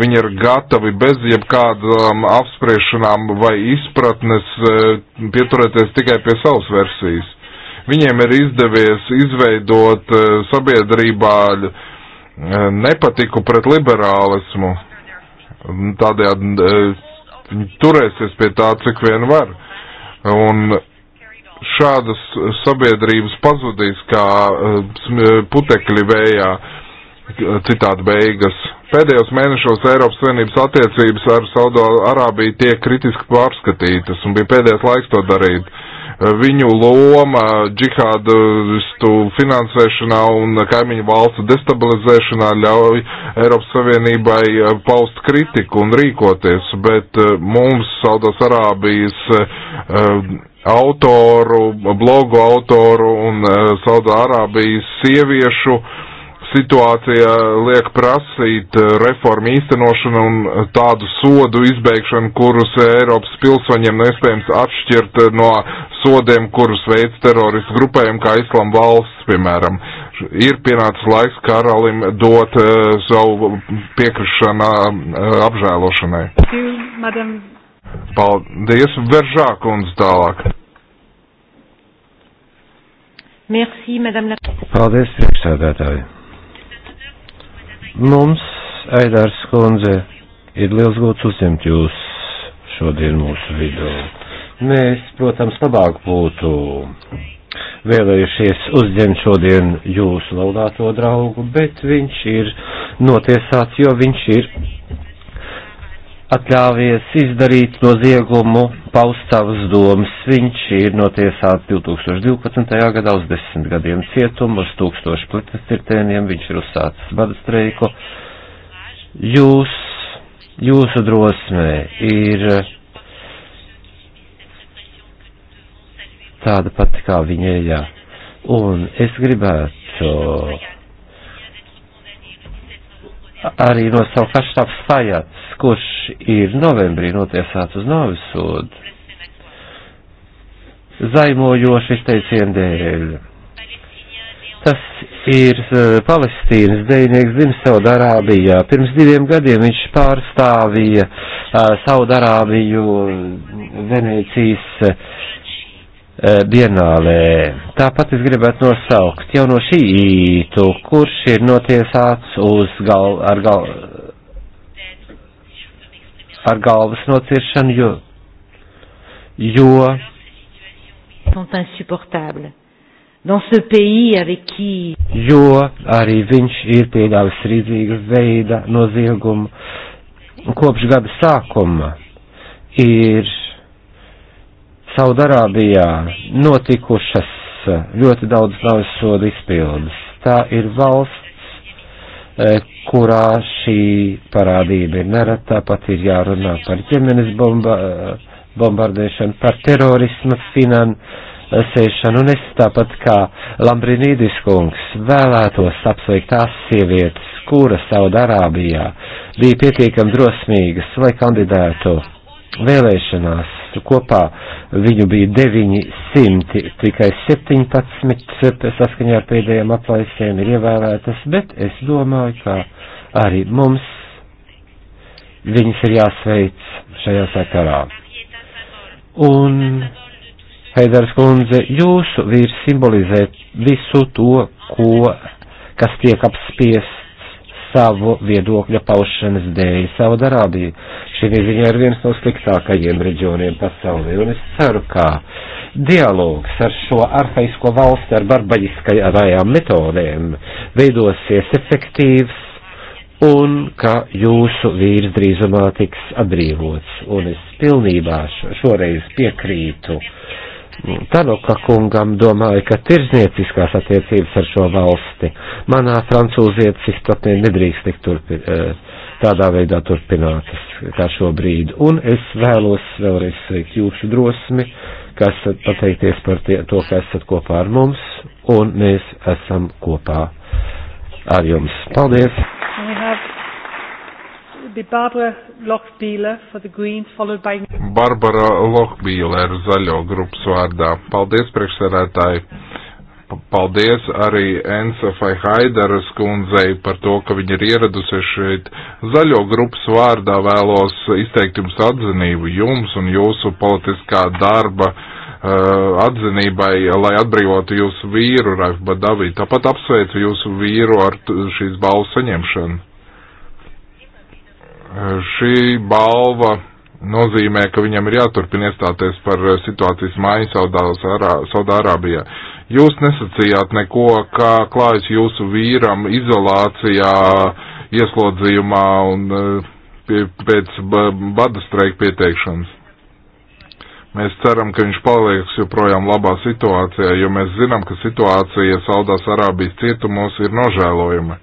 Viņi ir gatavi bez jebkādām apspriešanām vai izpratnes eh, pieturēties tikai pie savas versijas. Viņiem ir izdevies izveidot eh, sabiedrībā eh, nepatiku pret liberālismu. Tādējādi eh, viņi turēsies pie tā, cik vien var. Un šādas sabiedrības pazudīs kā putekļi vējā, citādi beigas. Pēdējos mēnešos Eiropas Savienības attiecības ar Saudo Arābiju tiek kritiski pārskatītas un bija pēdējais laiks to darīt viņu loma džihādistu finansēšanā un kaimiņu valstu destabilizēšanā ļauj Eiropas Savienībai eh, paust kritiku un rīkoties, bet eh, mums Saudas Arābijas eh, autoru, blogu autoru un Saudā Arābijas sieviešu uh, situācija liek prasīt eh, reformu īstenošanu un eh, tādu sodu izbeigšanu, kurus Eiropas pilsoņiem nespējams atšķirt eh, no sodiem, kurus veids teroristu grupējumi kā Islam valsts, piemēram. Ir pienācis laiks karalim dot uh, savu piekrišanu uh, apžēlošanai. Paldies, Veržā kundze tālāk. Merci, Madame la Paldies, priekšsēdētāji. Mums, Aidārs Kundze, ir liels gods uzņemt jūs šodien mūsu vidū. Mēs, protams, labāk būtu vēlējušies uzņemt šodien jūsu laudāto draugu, bet viņš ir notiesāts, jo viņš ir atļāvies izdarīt noziegumu, paust savas domas. Viņš ir notiesāts 2012. gadā uz desmit gadiem cietumu, uz tūkstošu plitas cirtēniem, viņš ir uzsācis bada streiku. Jūs, jūsu drosmē ir tāda pati kā viņējā. Un es gribētu arī no savu kaštāpu stājāt kurš ir novembrī notiesāts uz nāvis sodu, zaimojoši izteicienu dēļ. Tas ir uh, palestīnas dejnieks dzimis Saudarābijā. Pirms diviem gadiem viņš pārstāvīja uh, eh, Saudarābiju Venēcijas uh, eh, Bienālē. Tāpat es gribētu nosaukt jau no šī ītu, kurš ir notiesāts uz gal, ar gal, par galvas nociršanu, jo, jo sont insupportables. Dans ce pays avec qui... Jo arī viņš ir pieļāvis rīdzīga veida noziegumu. Kopš gada sākuma ir Saudarābijā notikušas ļoti daudz naudas sodu izpildes. Tā ir valsts, E, kurā šī parādība ir nerata, pat ir jārunā par ģimenes bomba, e, bombardēšanu, par terorismu finansēšanu, un es tāpat kā Lambrinīdis kungs vēlētos apsveikt tās sievietes, kuras Saudārābijā bija pietiekami drosmīgas, lai kandidētu vēlēšanās ministru kopā viņu bija 900, tikai 17 saskaņā ar pēdējiem aplaisiem ir ievēlētas, bet es domāju, ka arī mums viņas ir jāsveic šajā sakarā. Un, Heidars kundze, jūsu vīrs simbolizē visu to, ko, kas tiek apspiests savu viedokļa paušanas dēļ. Saudarābija Šī ziņā ir viens no sliktākajiem reģioniem pasaulē, un es ceru, ka dialogs ar šo arhaisko valsti ar barbaļiskajām metodēm veidosies efektīvs un ka jūsu vīrs drīzumā tiks atbrīvots. Un es pilnībā šoreiz piekrītu. Tanoka kungam domāju, ka tirzniecīskās attiecības ar šo valsti manā francūzietas izpratnē nedrīkst tikt turpināt eh, tādā veidā turpinātas kā šobrīd. Un es vēlos vēlreiz sveikt jūsu drosmi, ka esat pateikties par tie, to, ka esat kopā ar mums, un mēs esam kopā ar jums. Paldies! Greens, by... Barbara Lokbīle ar zaļo grupas vārdā. Paldies, priekšsēdētāji! Paldies arī Ensafai Haidaras kundzei par to, ka viņa ir ieradusies šeit. Zaļo grupas vārdā vēlos izteikt jums atzinību jums un jūsu politiskā darba uh, atzinībai, lai atbrīvotu jūsu vīru, Raif Badavī. Tāpat apsveicu jūsu vīru ar šīs balvas saņemšanu. Uh, šī balva nozīmē, ka viņam ir jāturpina iestāties par situācijas māju Saudārābijā. Saudā Jūs nesacījāt neko, kā klājas jūsu vīram izolācijā, ieslodzījumā un eh, pēc bada streika pieteikšanas. Mēs ceram, ka viņš paliks joprojām labā situācijā, jo mēs zinām, ka situācija Saudās Arābijas cietumos ir nožēlojama.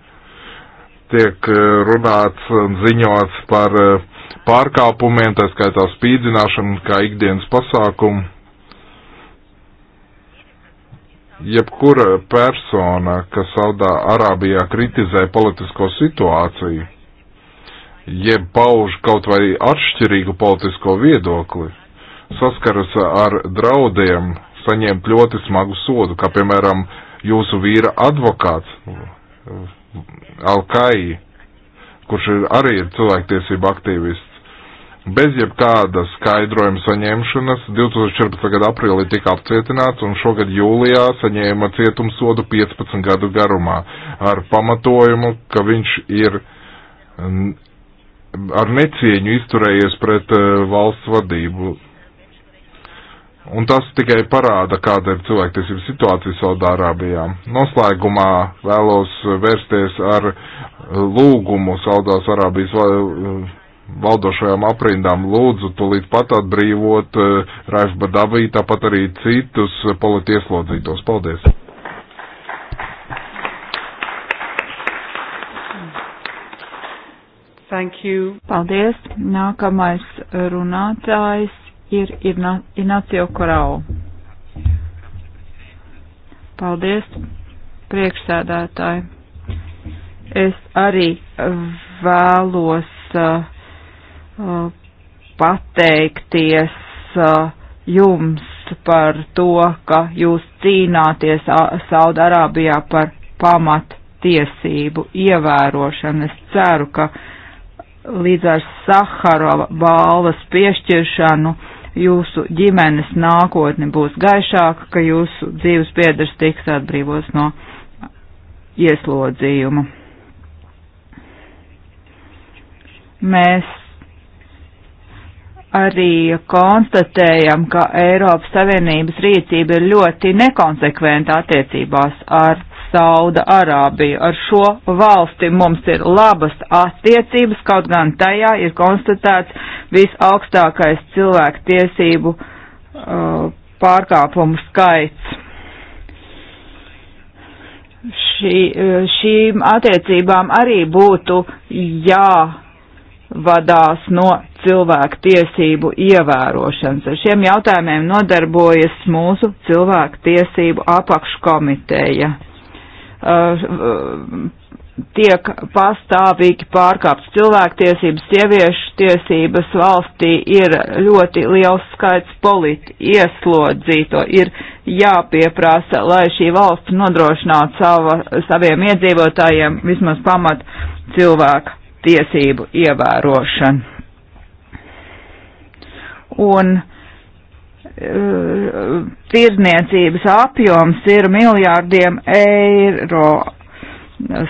Tiek eh, runāts un ziņots par eh, pārkāpumiem, tā skaitā spīdzināšanu, kā ikdienas pasākumu jebkura persona, kas Saudā Arābijā kritizē politisko situāciju, jeb pauž kaut vai atšķirīgu politisko viedokli, saskaras ar draudiem saņemt ļoti smagu sodu, kā piemēram jūsu vīra advokāts Alkai, kurš ir arī ir cilvēktiesība aktīvists bez jebkāda skaidrojuma saņemšanas 2014. gada aprīlī tika apcietināts un šogad jūlijā saņēma cietumsodu 15 gadu garumā ar pamatojumu, ka viņš ir ar necieņu izturējies pret e, valsts vadību. Un tas tikai parāda, kāda ir cilvēktiesība situācija Saudārābijā. Noslēgumā vēlos vērsties ar e, lūgumu Saudās Arābijas e, valdošajām aprindām lūdzu tulīt pat atbrīvot eh, Raif Badavī, tāpat arī citus politieslodzītos. Paldies! Thank you. Paldies. Nākamais runātājs ir Inacio Korau. Paldies, priekšsēdētāji. Es arī vēlos uh, Uh, pateikties uh, jums par to, ka jūs cīnāties Saudarābijā par pamat tiesību ievērošanu. Es ceru, ka līdz ar Saharova balvas piešķiršanu jūsu ģimenes nākotne būs gaišāka, ka jūsu dzīves biedrs tiks atbrīvos no ieslodzījuma. Mēs arī konstatējam, ka Eiropas Savienības rīcība ir ļoti nekonsekventa attiecībās ar Sauda Arābiju. Ar šo valsti mums ir labas attiecības, kaut gan tajā ir konstatēts visaugstākais cilvēku tiesību uh, pārkāpumu skaits. Šī, uh, šīm attiecībām arī būtu jā vadās no cilvēku tiesību ievērošanas. Ar šiem jautājumiem nodarbojas mūsu cilvēku tiesību apakškomiteja. Uh, tiek pastāvīgi pārkāpts cilvēktiesības, sieviešu tiesības valstī ir ļoti liels skaits politi ieslodzīto, ir jāpieprasa, lai šī valsts nodrošinātu sava, saviem iedzīvotājiem vismaz pamat cilvēku tiesību ievērošanu. Un eh, tirzniecības apjoms ir miljārdiem eiro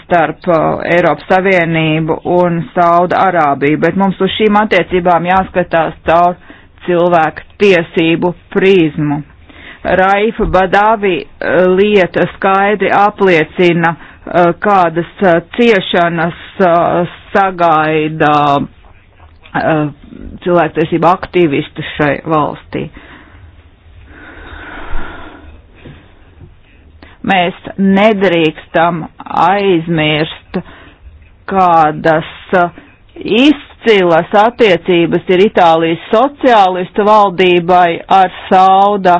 starp eh, Eiropas Savienību un Sauda Arābiju, bet mums uz šīm attiecībām jāskatās caur cilvēku tiesību prizmu. Raifa Badavi eh, lieta skaidri apliecina, kādas ciešanas Uh, sagaida uh, cilvēktiesību aktīvistus šai valstī. Mēs nedrīkstam aizmirst, kādas uh, izcilas attiecības ir Itālijas sociālistu valdībai ar Sauda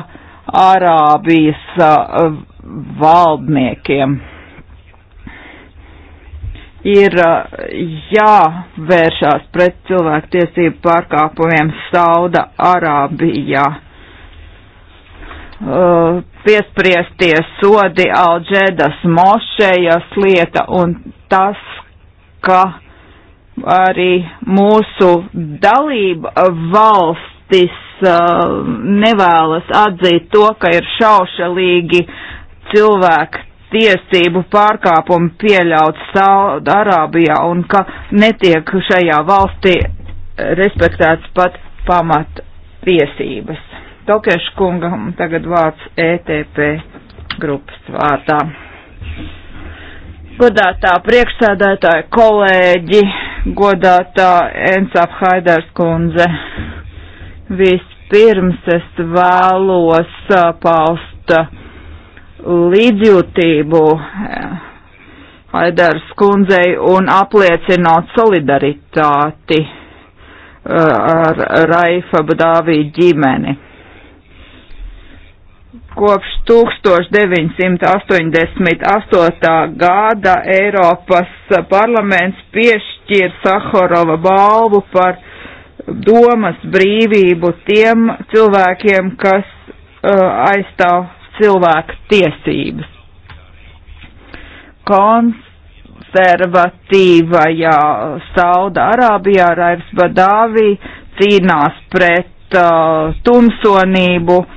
Arābijas valdniekiem ir uh, jāvēršās pret cilvēku tiesību pārkāpumiem Sauda Arābijā. Uh, piespriestie sodi Alģēdas mošejas lieta un tas, ka arī mūsu dalība valstis uh, nevēlas atzīt to, ka ir šaušalīgi cilvēki tiesību pārkāpumi pieļauts Saudārābijā un ka netiek šajā valstī respektēts pat pamat tiesības. Tokiešu kungam tagad vārds ETP grupas vārdā. Godātā priekšsēdētāja kolēģi, godātā Ensap Haidars kundze, vispirms es vēlos uh, paust uh, līdzjūtību eh, Haidars kundzei un apliecinot solidaritāti eh, ar Raifa Badāvī ģimeni. Kopš 1988. gada Eiropas parlaments piešķir Saharova balvu par domas brīvību tiem cilvēkiem, kas uh, aizstāv cilvēku tiesības. Konservatīvajā Sauda Arābijā Raivs Badāvī cīnās pret uh, tumsonību uh,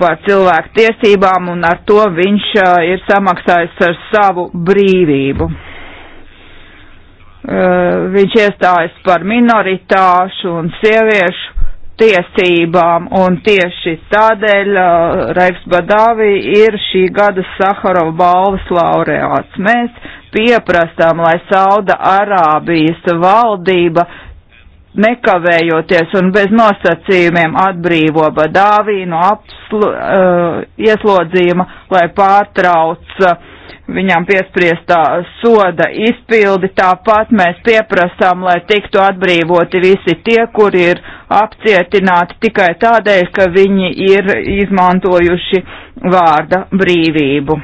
par cilvēku tiesībām un ar to viņš uh, ir samaksājis ar savu brīvību. Uh, viņš iestājas par minoritāšu un sieviešu tiesībām, un tieši tādēļ uh, Raifs Badāvi ir šī gada Saharova balvas laureāts. Mēs pieprastām, lai Sauda Arābijas valdība nekavējoties un bez nosacījumiem atbrīvo Badāvī no apslu, uh, ieslodzījuma, lai pārtrauc uh, viņām piespriestā soda izpildi. Tāpat mēs pieprasām, lai tiktu atbrīvoti visi tie, kuri ir apcietināti tikai tādēļ, ka viņi ir izmantojuši vārda brīvību.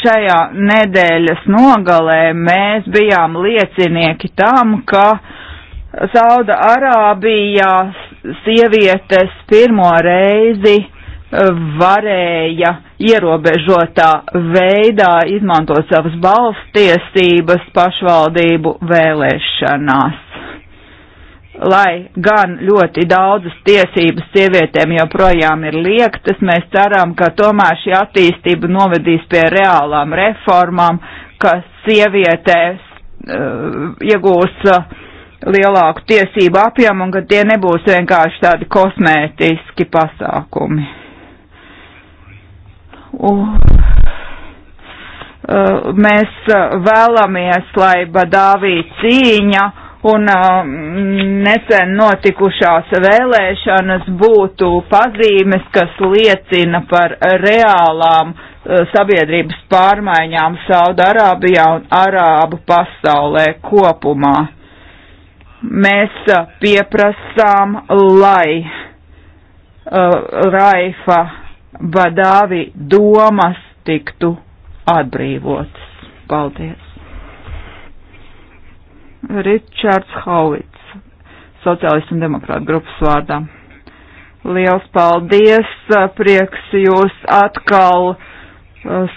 Šajā nedēļas nogalē mēs bijām liecinieki tam, ka Sauda Arābijā sievietes pirmo reizi varēja ierobežotā veidā izmanto savas balstiesības pašvaldību vēlēšanās. Lai gan ļoti daudzas tiesības sievietēm joprojām ir liektas, mēs ceram, ka tomēr šī attīstība novedīs pie reālām reformām, ka sievietēs uh, iegūs uh, lielāku tiesību apjomu un ka tie nebūs vienkārši tādi kosmētiski pasākumi. Uh, uh, mēs eh, vēlamies, lai Badāvī cīņa un uh, nesen notikušās vēlēšanas būtu pazīmes, kas liecina par reālām sabiedrības pārmaiņām Saudarābijā un Arābu pasaulē kopumā. Mēs pieprasām, lai uh, Raifa Badāvi domas tiktu atbrīvotas. Paldies! Ričards Hauvits, sociālistu un demokrātu grupas vārdā. Liels paldies! Prieks jūs atkal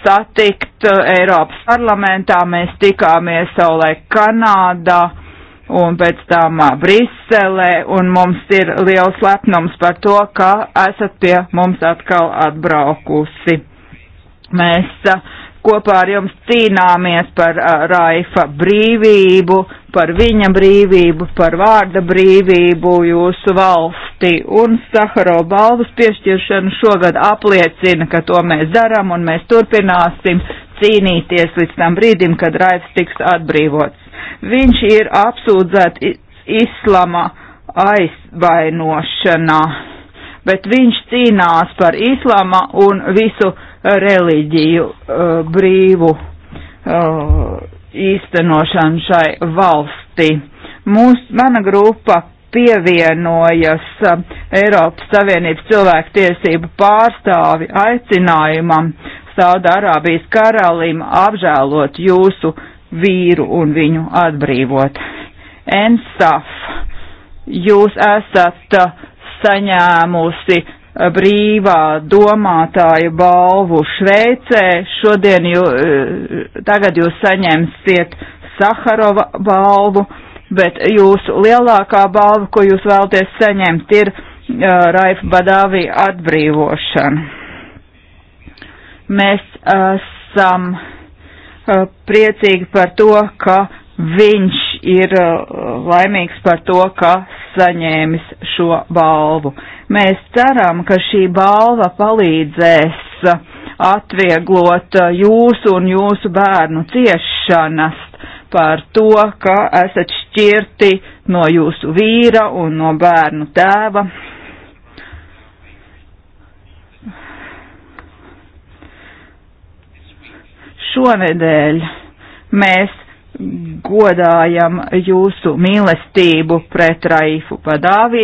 satikt Eiropas parlamentā. Mēs tikāmies saulē Kanādā un pēc tam Briselē, un mums ir liels lepnums par to, ka esat pie mums atkal atbraukusi. Mēs kopā ar jums cīnāmies par Raifa brīvību, par viņa brīvību, par vārda brīvību jūsu valstī, un Saharo balvas piešķiršana šogad apliecina, ka to mēs daram, un mēs turpināsim cīnīties līdz tam brīdim, kad Raifs tiks atbrīvots. Viņš ir apsūdzēts islama aizvainošanā, bet viņš cīnās par islama un visu reliģiju uh, brīvu uh, īstenošanu šai valstī. Mūs, mana grupa pievienojas uh, Eiropas Savienības cilvēktiesību pārstāvi aicinājumam Saudārābijas karalim apžēlot jūsu vīru un viņu atbrīvot. Ensaf, jūs esat uh, saņēmusi uh, brīvā domātāju balvu Šveicē. Šodien jū, uh, tagad jūs saņemsiet Saharova balvu, bet jūsu lielākā balva, ko jūs vēlaties saņemt, ir uh, Raifa Badāvī atbrīvošana. Mēs esam. Uh, Eh, priecīgi par to, ka viņš ir eh, laimīgs par to, ka saņēmis šo balvu. Mēs ceram, ka šī balva palīdzēs eh, atvieglot jūsu un jūsu bērnu ciešanas par to, ka esat šķirti no jūsu vīra un no bērnu tēva Šonedēļ mēs godājam jūsu mīlestību pret Raifu Padāvī,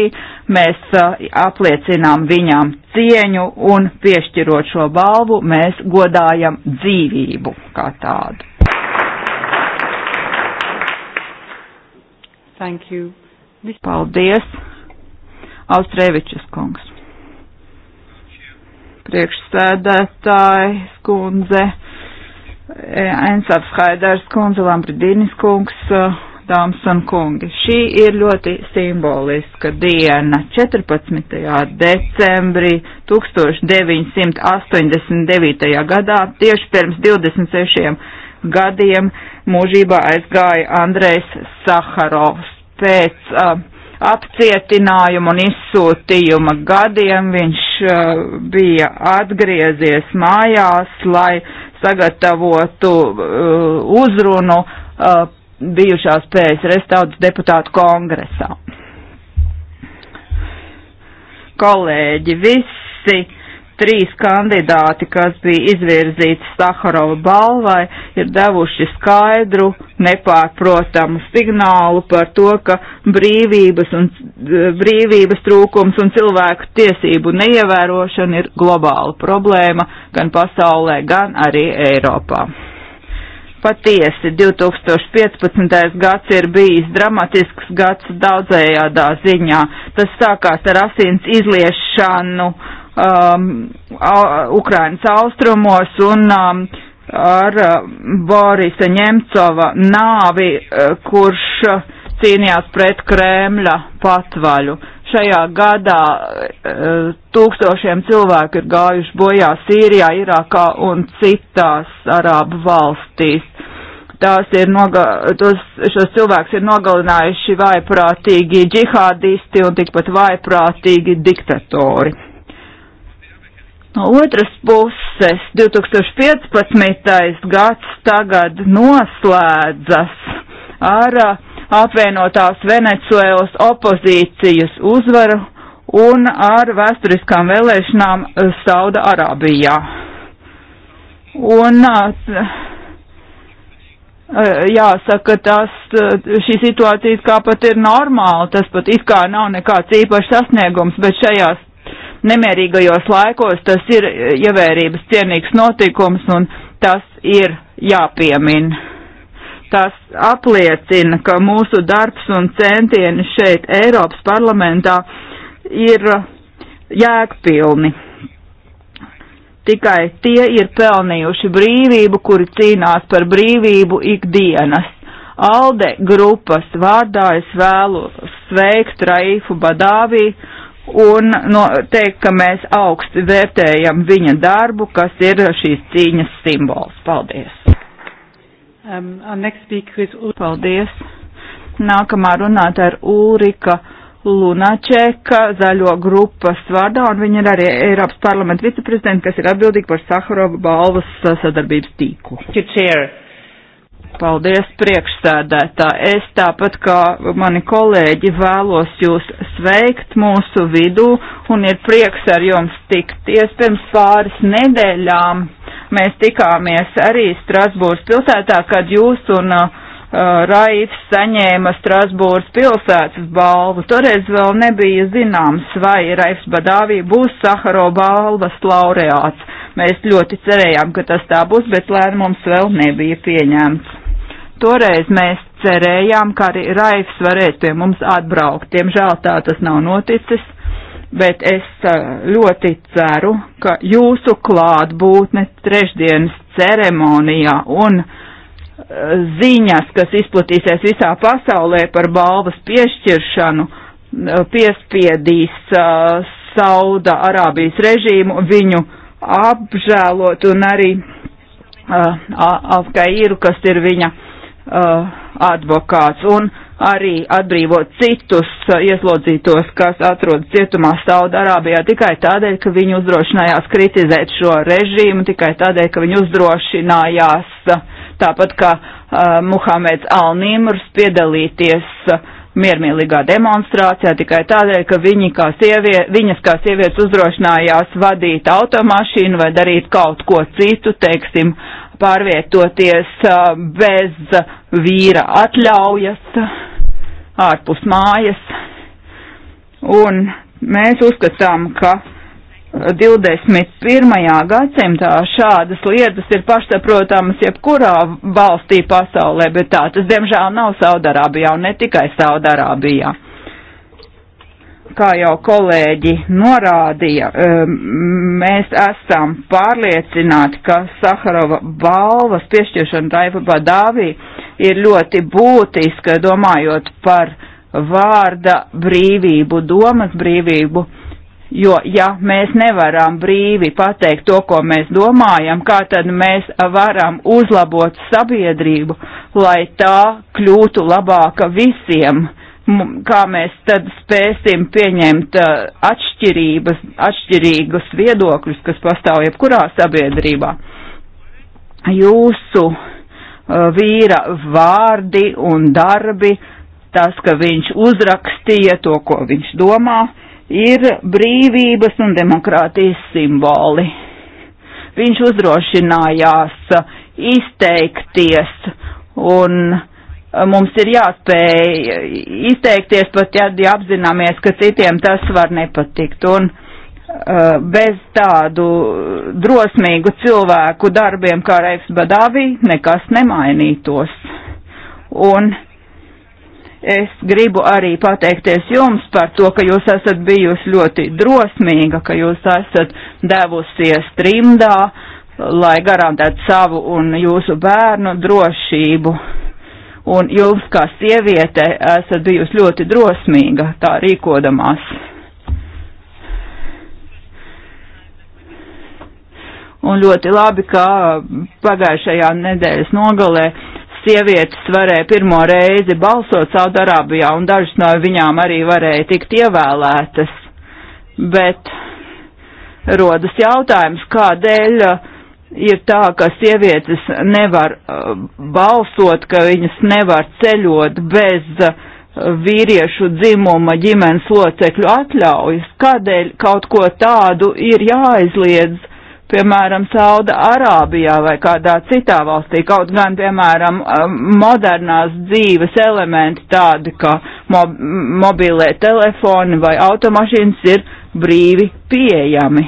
mēs uh, apliecinām viņām cieņu un piešķirot šo balvu, mēs godājam dzīvību kā tādu. Thank you. Paldies, Austrēvičs kungs. Priekšsēdētāji, skundze Ensāps Haidars kundze, Lambridīnis kungs, eh, dāmas un kungi. Šī ir ļoti simboliska diena. 14. decembrī 1989. gadā, tieši pirms 26 gadiem, mūžībā aizgāja Andrejs Saharovs. Pēc uh, apcietinājuma un izsūtījuma gadiem viņš uh, bija atgriezies mājās, lai uh, sagatavotu uh, uzrunu uh, bijušās PSRS tautas deputātu kongresā. Kolēģi, visi trīs kandidāti, kas bija izvirzīti Saharova balvai, ir devuši skaidru, nepārprotamu signālu par to, ka brīvības, un, eh, brīvības trūkums un cilvēku tiesību neievērošana ir globāla problēma gan pasaulē, gan arī Eiropā. Patiesi, 2015. gads ir bijis dramatisks gads daudzējādā ziņā. Tas sākās ar asins izliešanu um, Ukrainas austrumos un um, ar uh, Borisa Ņemcova nāvi, uh, kurš uh, cīnījās pret Kremļa patvaļu. Šajā gadā uh, tūkstošiem cilvēku ir gājuši bojā Sīrijā, Irākā un citās Arābu valstīs. Tās ir noga, tos, šos cilvēkus ir nogalinājuši vaiprātīgi džihādisti un tikpat vaiprātīgi diktatori. No otras puses, 2015. gads tagad noslēdzas ar apvienotās Venecuēlas opozīcijas uzvaru un ar vēsturiskām vēlēšanām Sauda Arābijā. Un jāsaka, tas, šī situācija kā pat ir normāla, tas pat it kā nav nekāds īpašs sasniegums, bet šajās nemierīgajos laikos. Tas ir e, ievērības cienīgs notikums un tas ir jāpiemin. Tas apliecina, ka mūsu darbs un centieni šeit Eiropas parlamentā ir jēgpilni. Tikai tie ir pelnījuši brīvību, kuri cīnās par brīvību ikdienas. Alde grupas vārdā es vēlu sveikt Raifu Badāvī un no, teikt, ka mēs augstu vērtējam viņa darbu, kas ir šīs cīņas simbols. Paldies! Um, is... Paldies! Nākamā runātāja ir Ulrika Lunačeka, zaļo grupas vārdā, un viņa ir arī Eiropas parlamenta viceprezidenta, kas ir atbildīga par Saharova balvas uh, sadarbības tīklu. Chair. Paldies, priekšsēdētā. Es tāpat kā mani kolēģi vēlos jūs sveikt mūsu vidū un ir prieks ar jums tikties. Pirms pāris nedēļām mēs tikāmies arī Strasbūras pilsētā, kad jūs un uh, Raifs saņēma Strasbūras pilsētas balvu. Toreiz vēl nebija zināms, vai Raifs Badāvī būs Saharo balvas laureāts. Mēs ļoti cerējām, ka tas tā būs, bet lēmums vēl nebija pieņemts. Toreiz mēs cerējām, ka arī Raifs varēs pie mums atbraukt. Diemžēl tā tas nav noticis, bet es eh, ļoti ceru, ka jūsu klātbūtne trešdienas ceremonijā un eh, ziņas, kas izplatīsies visā pasaulē par balvas piešķiršanu, eh, piespiedīs uh, Sauda Arābijas režīmu viņu apžēlot un arī uh, Afgairu, kas ir viņa uh, uh, advokāts un arī atbrīvot citus uh, ieslodzītos, kas atrodas cietumā Saudarābijā tikai tādēļ, ka viņi uzdrošinājās kritizēt šo režīmu, tikai tādēļ, ka viņi uzdrošinājās uh, tāpat kā uh, Muhameds Alnīmurs piedalīties uh, miermīlīgā demonstrācijā tikai tādēļ, ka viņi kā sievie, viņas kā sievietes uzdrošinājās vadīt automašīnu vai darīt kaut ko citu, teiksim, pārvietoties bez vīra atļaujas ārpus mājas. Un mēs uzskatām, ka 21. gadsimtā šādas lietas ir pašsaprotamas jebkurā valstī pasaulē, bet tā tas diemžēl nav Saudarābijā un ne tikai Saudarābijā kā jau kolēģi norādīja, um, mēs esam pārliecināti, ka Saharova balvas piešķiršana Raifa Badāvī ir ļoti būtiska, domājot par vārda brīvību, domas brīvību, jo ja mēs nevaram brīvi pateikt to, ko mēs domājam, kā tad mēs varam uzlabot sabiedrību, lai tā kļūtu labāka visiem kā mēs tad spēsim pieņemt uh, atšķirības, atšķirīgus viedokļus, kas pastāv jebkurā sabiedrībā. Jūsu uh, vīra vārdi un darbi, tas, ka viņš uzrakstīja to, ko viņš domā, ir brīvības un demokrātijas simboli. Viņš uzdrošinājās izteikties un uh, mums ir jāspēj izteikties, pat ja apzināmies, ka citiem tas var nepatikt. Un uh, bez tādu drosmīgu cilvēku darbiem kā Reifs Badāvī nekas nemainītos. Un es gribu arī pateikties jums par to, ka jūs esat bijusi ļoti drosmīga, ka jūs esat devusies trimdā, lai garantētu savu un jūsu bērnu drošību un jūs kā sieviete esat bijusi ļoti drosmīga tā rīkodamās. Un ļoti labi, ka pagājušajā nedēļas nogalē sievietes varēja pirmo reizi balsot Saudarābijā, un dažas no viņām arī varēja tikt ievēlētas. Bet rodas jautājums, kādēļ uh, ir tā, ka sievietes nevar uh, balsot, ka viņas nevar ceļot bez uh, vīriešu dzimuma ģimenes locekļu atļaujas, kādēļ kaut ko tādu ir jāizliedz, piemēram, Sauda Arābijā vai kādā citā valstī, kaut gan, piemēram, um, modernās dzīves elementi tādi, kā mob mobilē telefoni vai automašīnas ir brīvi pieejami.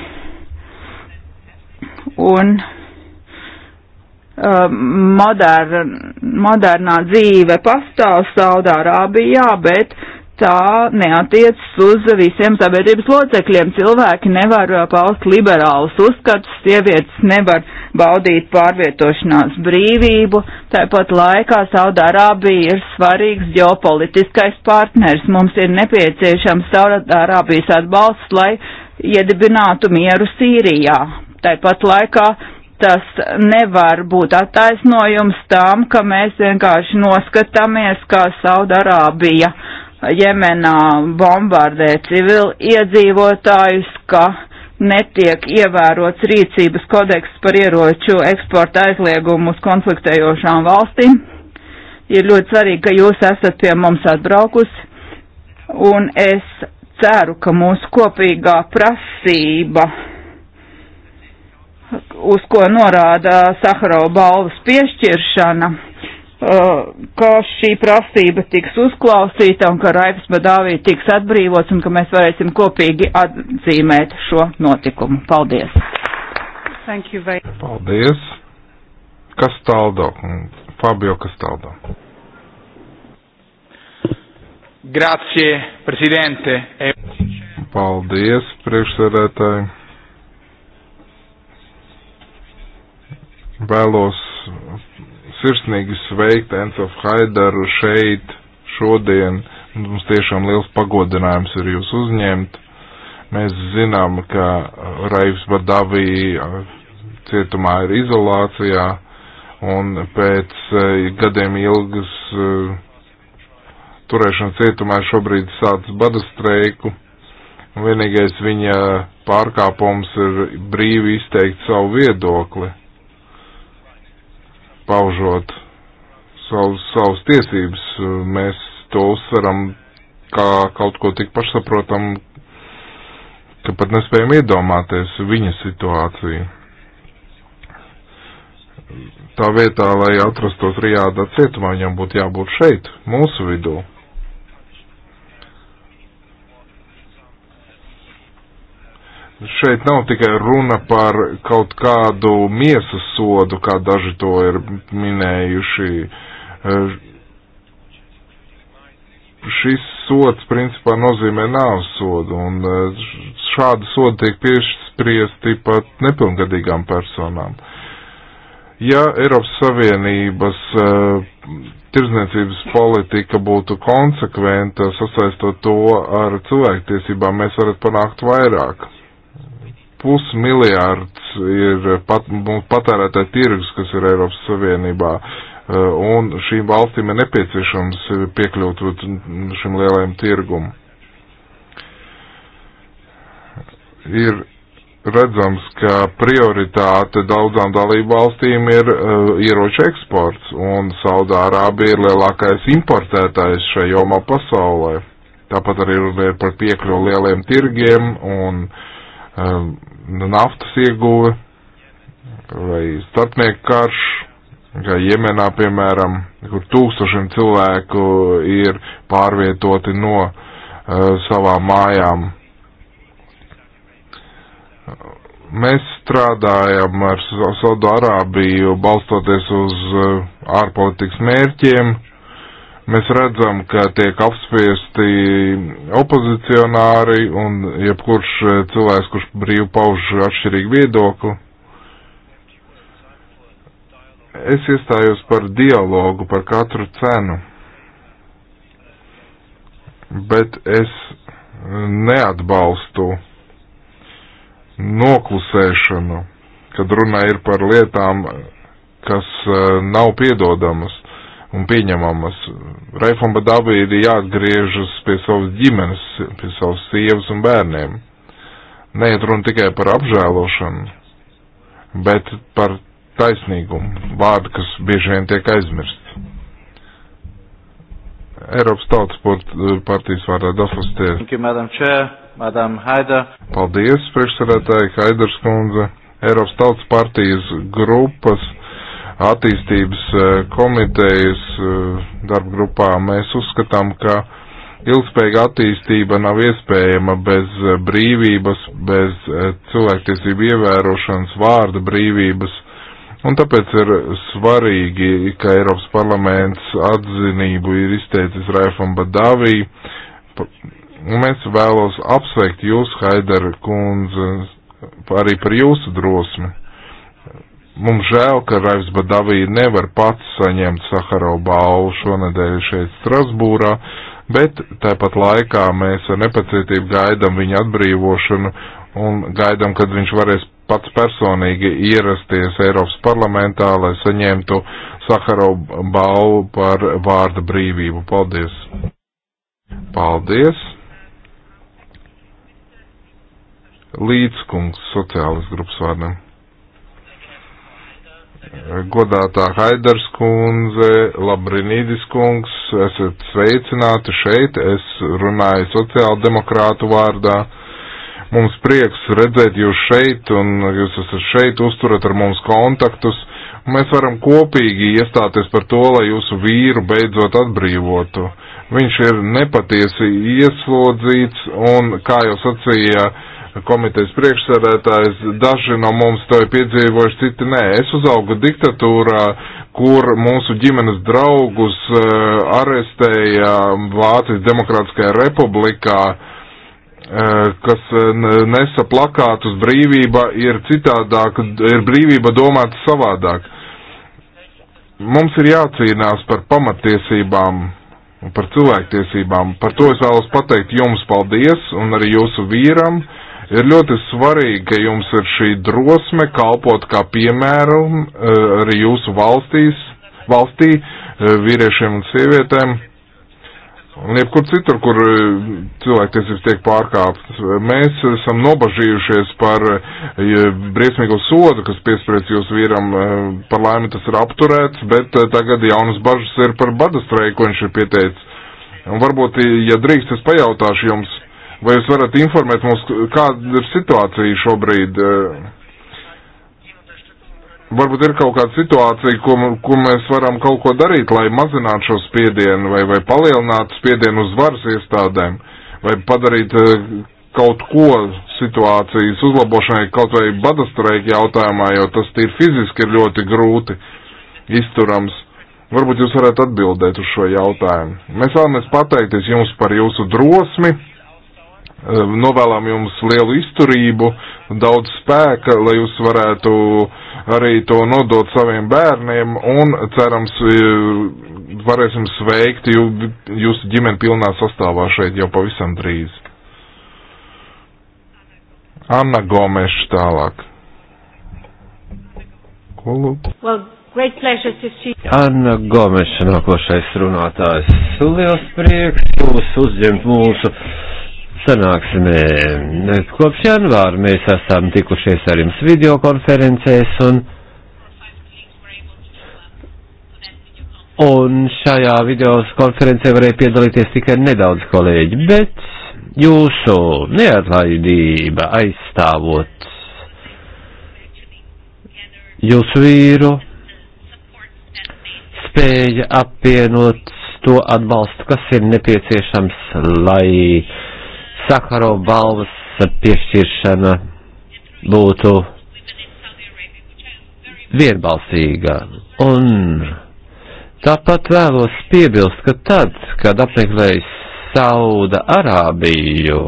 Un Uh, moder, modernā dzīve pastāv Saudārābijā, bet tā neatiecas uz visiem sabiedrības locekļiem. Cilvēki nevar uh, paust liberālus uzskatus, sievietes nevar baudīt pārvietošanās brīvību. Tāpat laikā Saudārābija ir svarīgs ģeopolitiskais partners. Mums ir nepieciešams Saudārābijas atbalsts, lai iedibinātu mieru Sīrijā. Tāpat laikā tas nevar būt attaisnojums tam, ka mēs vienkārši noskatāmies, kā Saudarābija Jemenā bombardē civili iedzīvotājus, ka netiek ievērots rīcības kodeks par ieroču eksporta aizliegumu uz konfliktējošām valstīm. Ir ļoti svarīgi, ka jūs esat pie mums atbraukusi, un es ceru, ka mūsu kopīgā prasība uz ko norāda Saharova balvas piešķiršana, uh, ka šī prasība tiks uzklausīta un ka Raifs Badāvī tiks atbrīvots un ka mēs varēsim kopīgi atzīmēt šo notikumu. Paldies! Thank you very much. Paldies! Castaldo, Fabio Castaldo. Grazie, Presidente. E- Paldies, priekšsēdētāji. vēlos sirsnīgi sveikt Encof Haidaru šeit šodien. Mums tiešām liels pagodinājums ir jūs uzņemt. Mēs zinām, ka Raivs Badavī cietumā ir izolācijā un pēc gadiem ilgas turēšana cietumā šobrīd sāc bada streiku. Vienīgais viņa pārkāpums ir brīvi izteikt savu viedokli paužot savus, savus tiesības. Mēs to uzsveram kā kaut ko tik pašsaprotam, ka pat nespējam iedomāties viņa situāciju. Tā vietā, lai atrastos Rijādā cietumā, viņam būtu jābūt šeit, mūsu vidū. šeit nav tikai runa par kaut kādu miesas sodu, kā daži to ir minējuši. Eh, šis sods principā nozīmē nāvs sodu, un eh, šādi sodi tiek piešķirti pat nepilngadīgām personām. Ja Eiropas Savienības uh, eh, tirzniecības politika būtu konsekventa, sasaistot to ar cilvēktiesībām, mēs varētu panākt vairāk pusmiljārds ir pat, nu, patērētāja tirgus, kas ir Eiropas Savienībā, eh, un šīm valstīm ir nepieciešams piekļūt šim lielajam tirgum. Ir redzams, ka prioritāte daudzām dalību valstīm ir uh, ieroču eksports, un Saudārābija ir lielākais importētājs šajā jomā pasaulē. Tāpat arī ir par piekļuvu lieliem tirgiem un uh, Um, nu, naftas ieguve vai starpnieku karš, kā Jemenā, piemēram, kur tūkstošiem cilvēku ir pārvietoti no uh, savām mājām. Mēs strādājam ar Saudārābiju balstoties uz uh, ārpolitikas mērķiem, uh, Mēs redzam, ka tiek apspiesti opozicionāri un jebkurš cilvēks, kurš brīvi pauž atšķirīgu viedokli. Es iestājos par dialogu par katru cenu, bet es neatbalstu noklusēšanu, kad runa ir par lietām, kas eh, nav piedodamas un pieņemamas. Raifam Badavi ir jāatgriežas pie savas ģimenes, pie savas sievas un bērniem. Neiet runa tikai par apžēlošanu, bet par taisnīgumu, vārdu, kas bieži vien tiek aizmirsts. Eiropas Tautas partijas vārdā Dafas Tēra. Paldies, priekšsarētāji Haidars kundze. Eiropas Tautas partijas grupas attīstības eh, komitejas eh, darba grupā mēs uzskatām, ka ilgspējīga attīstība nav iespējama bez eh, brīvības, bez cilvēktiesību ievērošanas, vārda brīvības, un tāpēc ir svarīgi, ka Eiropas parlaments atzinību ir izteicis Raifam Badavī, un mēs vēlos apsveikt jūs, Haidara kundze, arī par jūsu drosmi. Mums žēl, ka Raivs Badavī nevar pats saņemt Saharov balvu šonadēļ šeit Strasbūrā, bet tāpat laikā mēs ar nepacietību gaidam viņa atbrīvošanu un gaidam, kad viņš varēs pats personīgi ierasties Eiropas parlamentā, lai saņemtu Saharov balvu par vārda brīvību. Paldies! Paldies! Līdzkungs sociālas grupas vārdam godātā Haidars kundze, Labrinīdis kungs, esat sveicināti šeit, es runāju sociāldemokrātu vārdā. Mums prieks redzēt jūs šeit, un jūs esat šeit, uzturat ar mums kontaktus. Mēs varam kopīgi iestāties par to, lai jūsu vīru beidzot atbrīvotu. Viņš ir nepatiesi ieslodzīts, un, kā jau sacīja, uh, komitejas priekšsēdētājs, daži no mums to ir piedzīvojuši, citi nē. Es uzaugu diktatūrā, kur mūsu ģimenes draugus uh, arestēja Vācijas Demokrātiskajā republikā, uh, kas eh, nesa plakātus brīvība ir citādāk, ir brīvība domāt savādāk. Mums ir jācīnās par pamatiesībām par cilvēktiesībām. Par to es vēlos pateikt jums paldies un arī jūsu vīram. Ir ļoti svarīgi, ka jums ir šī drosme kalpot kā piemēram eh, arī jūsu valstīs, valstī eh, vīriešiem un sievietēm. Un jebkur citur, kur eh, cilvēktiesības tiek pārkāptas, mēs esam nobažījušies par briesmīgo sodu, kas piespriezt jūsu vīram, par laimi tas ir apturēts, bet tagad jaunas bažas ir par bada streiku, ko viņš ir pieteicis. Un varbūt, ja drīkst, es pajautāšu jums, Vai jūs varat informēt mums, kāda ir situācija šobrīd? Eh? Varbūt ir kaut kāda situācija, ko, ko mēs varam kaut ko darīt, lai mazinātu šo spiedienu vai, vai palielinātu spiedienu uz varas iestādēm, vai padarīt eh, kaut ko situācijas uzlabošanai, kaut vai badastreika jautājumā, jo tas tīri fiziski ir ļoti grūti izturams. Varbūt jūs varētu atbildēt uz šo jautājumu. Mēs vēlamies pateikties jums par jūsu drosmi Ehm, novēlam jums lielu izturību, daudz spēka, lai jūs varētu arī to nodot saviem bērniem un cerams e, varēsim sveikt jūsu ģimeni pilnā sastāvā šeit jau pavisam drīz. Anna Gomeša tālāk. Well, great pleasure to see you. Anna Gomeša nākošais runātājs. Liels prieks jūs uzņemt mūsu sanāksmē. Kopš janvāra mēs esam tikušies ar jums videokonferencēs un, un šajā videokonferencē varēja piedalīties tikai nedaudz kolēģi, bet jūsu neatlaidība aizstāvot jūsu vīru spēja apvienot to atbalstu, kas ir nepieciešams, lai Sakaro balvas piešķiršana būtu vienbalsīga. Un tāpat vēlos piebilst, ka tad, kad apmeklējis Sauda Arābiju,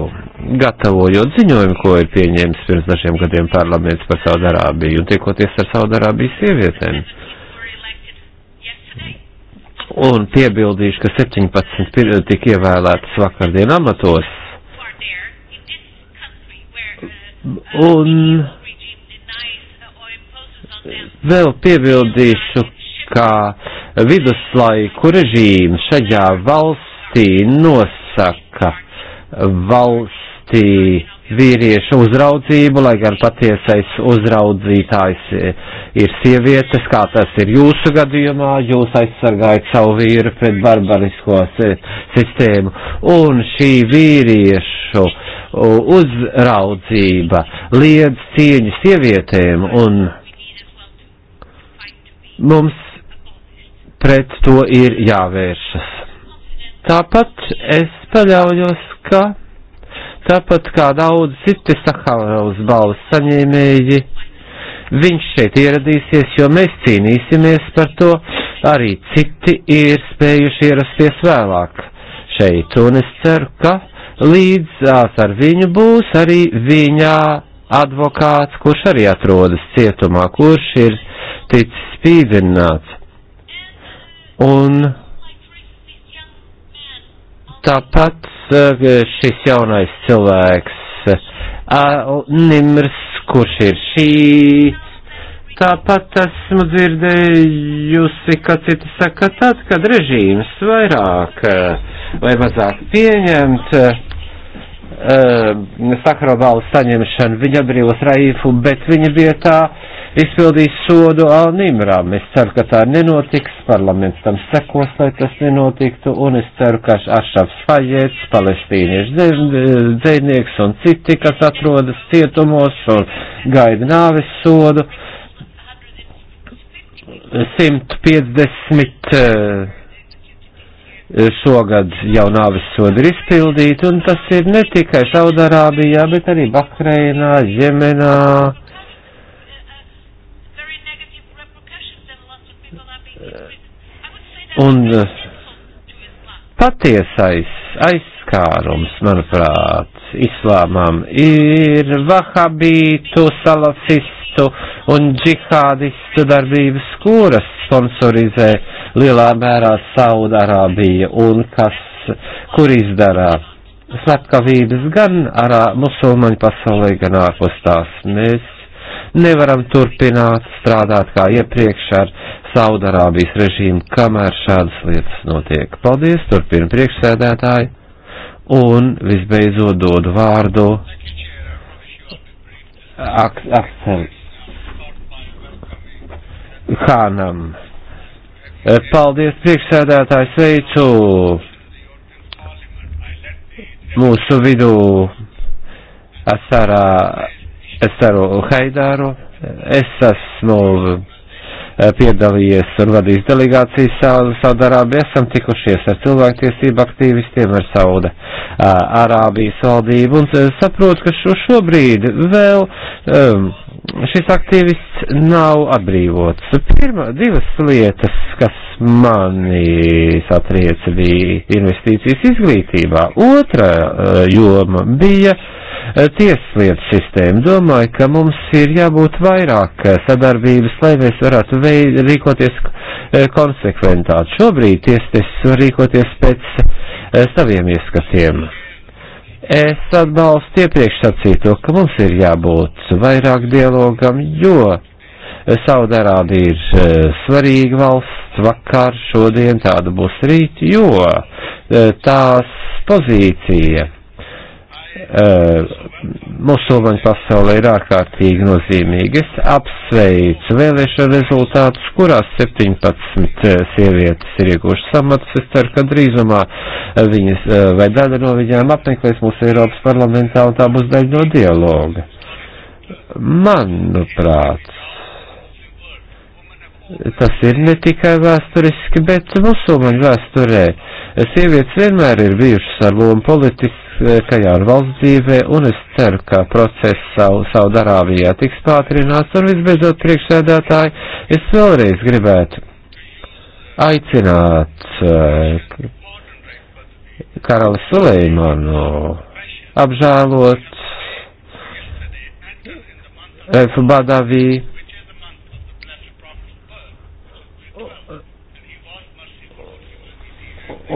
gatavojot ziņojumu, ko ir pieņēmis pirms dažiem gadiem parlaments par Sauda Arābiju un tiekoties ar Sauda Arābijas sievietēm. Un piebildīšu, ka 17 tika ievēlētas vakardien amatos Un vēl piebildīšu, ka viduslaiku režīms šajā valstī nosaka valstī vīriešu uzraudzību, lai gan patiesais uzraudzītājs ir sievietes, kā tas ir jūsu gadījumā, jūs aizsargājat savu vīru pret barbarisko sistēmu. Un šī vīriešu uh, uzraudzība liedz cieņu sievietēm un mums pret to ir jāvēršas. Tāpat es paļaujos, ka tāpat kā daudz citi Saharaus balvas saņēmēji, viņš šeit ieradīsies, jo mēs cīnīsimies par to, arī citi ir spējuši ierasties vēlāk šeit, un es ceru, ka līdzās ar viņu būs arī viņa advokāts, kurš arī atrodas cietumā, kurš ir ticis spīdzināts. Un tāpat eh, šis jaunais cilvēks, eh, Nimrs, kurš ir šī, tāpat esmu dzirdējusi, ka citi saka, tad, kad režīms vairāk uh, vai mazāk pieņemt uh, eh, eh, Sakarovalu saņemšanu. Viņa brīvos Raifu, bet viņa bija tā izpildījis sodu Alnimram. Es ceru, ka tā nenotiks, parlaments tam sekos, lai tas nenotiktu, un es ceru, ka Ašafs Fajets, palestīniešu dzēnieks eh, un citi, kas atrodas cietumos un gaida nāves sodu, 150 uh, šogad jau nāvis sodi ir izpildīti, un tas ir ne tikai Saudarābijā, bet arī Bahreinā, Jemenā. Un uh, patiesais aizskārums, manuprāt, islāmam ir vahabītu, salafistu un džihādistu darbības, kuras sponsorizē uh, lielā mērā Saudārābija un kas, kur izdarā slepkavības gan arā musulmaņu pasaulē, gan ārpus tās. Mēs nevaram turpināt strādāt kā iepriekš ar Saudarābijas režīmu, kamēr šādas lietas notiek. Paldies, turpina priekšsēdētāji, un visbeidzot dodu vārdu ak akcent. Hānam. Eh, paldies, priekšsēdētāji, sveicu mūsu vidū Asarā, Esaru Haidāru. Es esmu eh, piedalījies un vadījis delegācijas Saudārābija. Esam tikušies ar cilvēktiesību aktīvistiem, ar Sauda eh, Arābijas valdību un saprotu, ka šo šobrīd vēl um, šis aktīvists nav atbrīvots. Pirmā divas lietas, kas mani satrieca, bija investīcijas izglītībā. Otra eh, joma bija eh, tieslietu sistēma. Domāju, ka mums ir jābūt vairāk eh, sadarbības, lai mēs varētu veid, rīkoties konsekventāk. Šobrīd tiesnesis var rīkoties pēc saviem ieskatiem Es atbalstu iepriekš sacīto, ka mums ir jābūt vairāk dialogam, jo Saudarābija ir e, svarīga valsts, vakar, šodien tāda būs rīt, jo e, tās pozīcija Eh, musulmaņu pasaulē ir ārkārtīgi nozīmīgi. Es apsveicu vēlēšanu rezultātus, kurās 17 eh, sievietes ir iegūšas amats. Es ceru, ka drīzumā eh, viņas vai daļa no viņām apmeklēs mūsu Eiropas parlamentā un tā būs daļa no dialoga. Manuprāt, tas ir ne tikai vēsturiski, bet musulmaņu vēsturē. Sievietes vienmēr ir bijušas ar lomu politiski Kajāna valsts dzīvē, un es ceru, ka process savu, savu darāvijā tiks pātrināts, un visbeidzot priekšsēdētāji, es vēlreiz gribētu aicināt eh, karali Suleimanu apžēlot eh, Badavī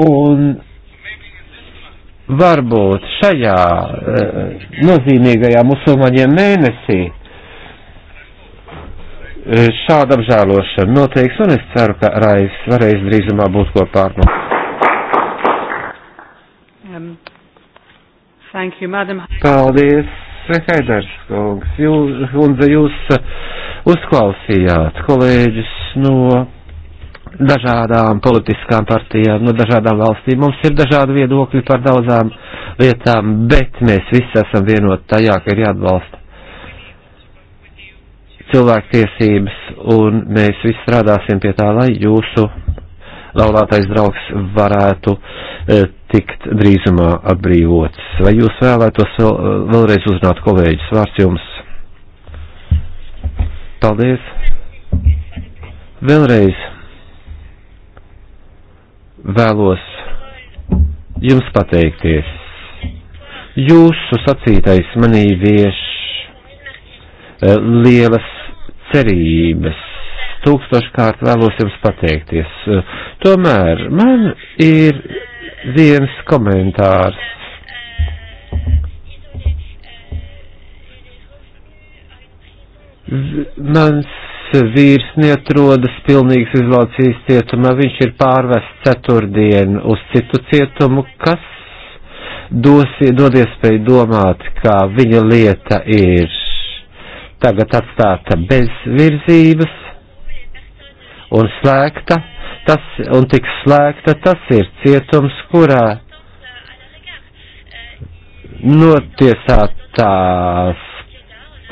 un varbūt šajā uh, nozīmīgajā musulmaņiem mēnesī eh, šāda apžēlošana noteiks, un es ceru, ka Raivs varēs drīzumā būt kopā ar mums. Um, thank you, madam. Paldies, Haidars kungs. Jūs, Hundze, jūs eh, uzklausījāt kolēģis no dažādām politiskām partijām, no nu, dažādām valstīm. Mums ir dažādi viedokļi par daudzām lietām, bet mēs visi esam vienoti tajā, ka ir jāatbalsta cilvēktiesības, un mēs visi strādāsim pie tā, lai jūsu laulātais draugs varētu e, tikt drīzumā atbrīvots. Vai jūs vēlētos vēl, e, vēlreiz uzrunāt kolēģis? Vārds jums. Paldies. Vēlreiz vēlos jums pateikties. Jūsu sacītais manī vieš e, lielas cerības. Tūkstoškārt vēlos jums pateikties. E, tomēr man ir viens komentārs. Mans vīrs neatrodas pilnīgas izlaucīs cietumā, viņš ir pārvests ceturtdien uz citu cietumu, kas dos, dod iespēju domāt, ka viņa lieta ir tagad atstāta bez virzības un slēgta, tas, un tik slēgta, tas ir cietums, kurā notiesātās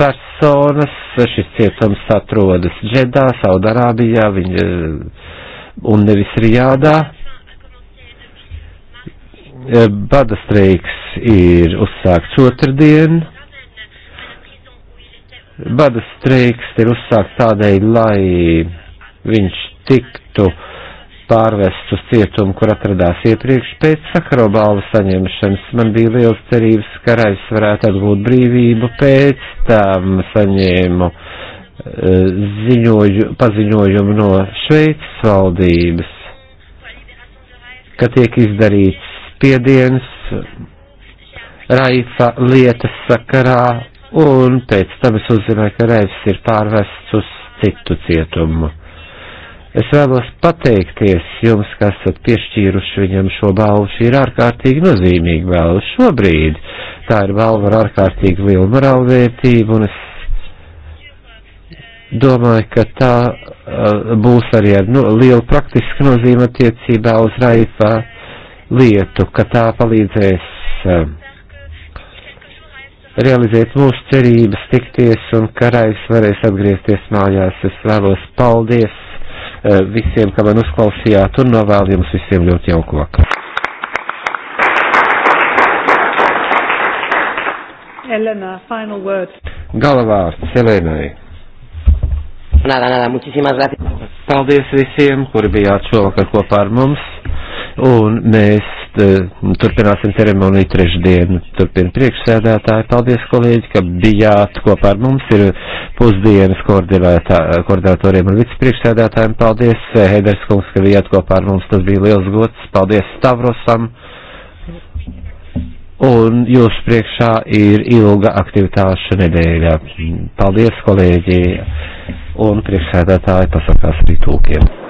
personas, šis cietums atrodas Džedā, Saudarābijā, viņa, eh, un nevis Rijādā. Eh, bada streiks ir uzsākts otrdien. Bada streiks ir uzsākts tādēļ, lai viņš tiktu uh, pārvests uz cietumu, kur atradās iepriekš pēc Sakarobalva saņemšanas. Man bija liels cerības, ka Raivs varētu atgūt brīvību, pēc tam saņēmu eh, ziņoju, paziņojumu no Šveicas valdības, ka tiek izdarīts spiediens Raifa lietas sakarā, un pēc tam es uzzināju, ka Raivs ir pārvests uz citu cietumu Es vēlos pateikties jums, kas esat piešķīruši viņam šo balvu. Šī ir ārkārtīgi nozīmīga balva šobrīd. Tā ir balva ar ārkārtīgi lielu morālu vērtību, un es domāju, ka tā uh, būs arī ar no, lielu praktisku nozīmi attiecībā uz Raifā lietu, ka tā palīdzēs uh, realizēt mūsu cerības tikties, un ka Raifs varēs atgriezties mājās. Es vēlos paldies Eh, visiem, ka man uzklausījāt un novēlu jums visiem ļoti jauku vakaru. Elena, final words. Galavārds Elenai. Nada, nada, muchísimas gracias. Paldies visiem, kuri bijāt šovakar kopā ar mums, un mēs Eh, turpināsim ceremoniju trešdien. Turpin priekšsēdētāji, paldies kolēģi, ka bijāt kopā ar mums. Ir pusdienas koordinatoriem un vicepriekšsēdētājiem. Paldies, eh, Heiders kungs, ka bijāt kopā ar mums. Tas bija liels gods. Paldies Stavrosam. Un jūsu priekšā ir ilga aktivitāšu nedēļa. Paldies, kolēģi, un priekšsēdētāji pasakās arī tūkiem.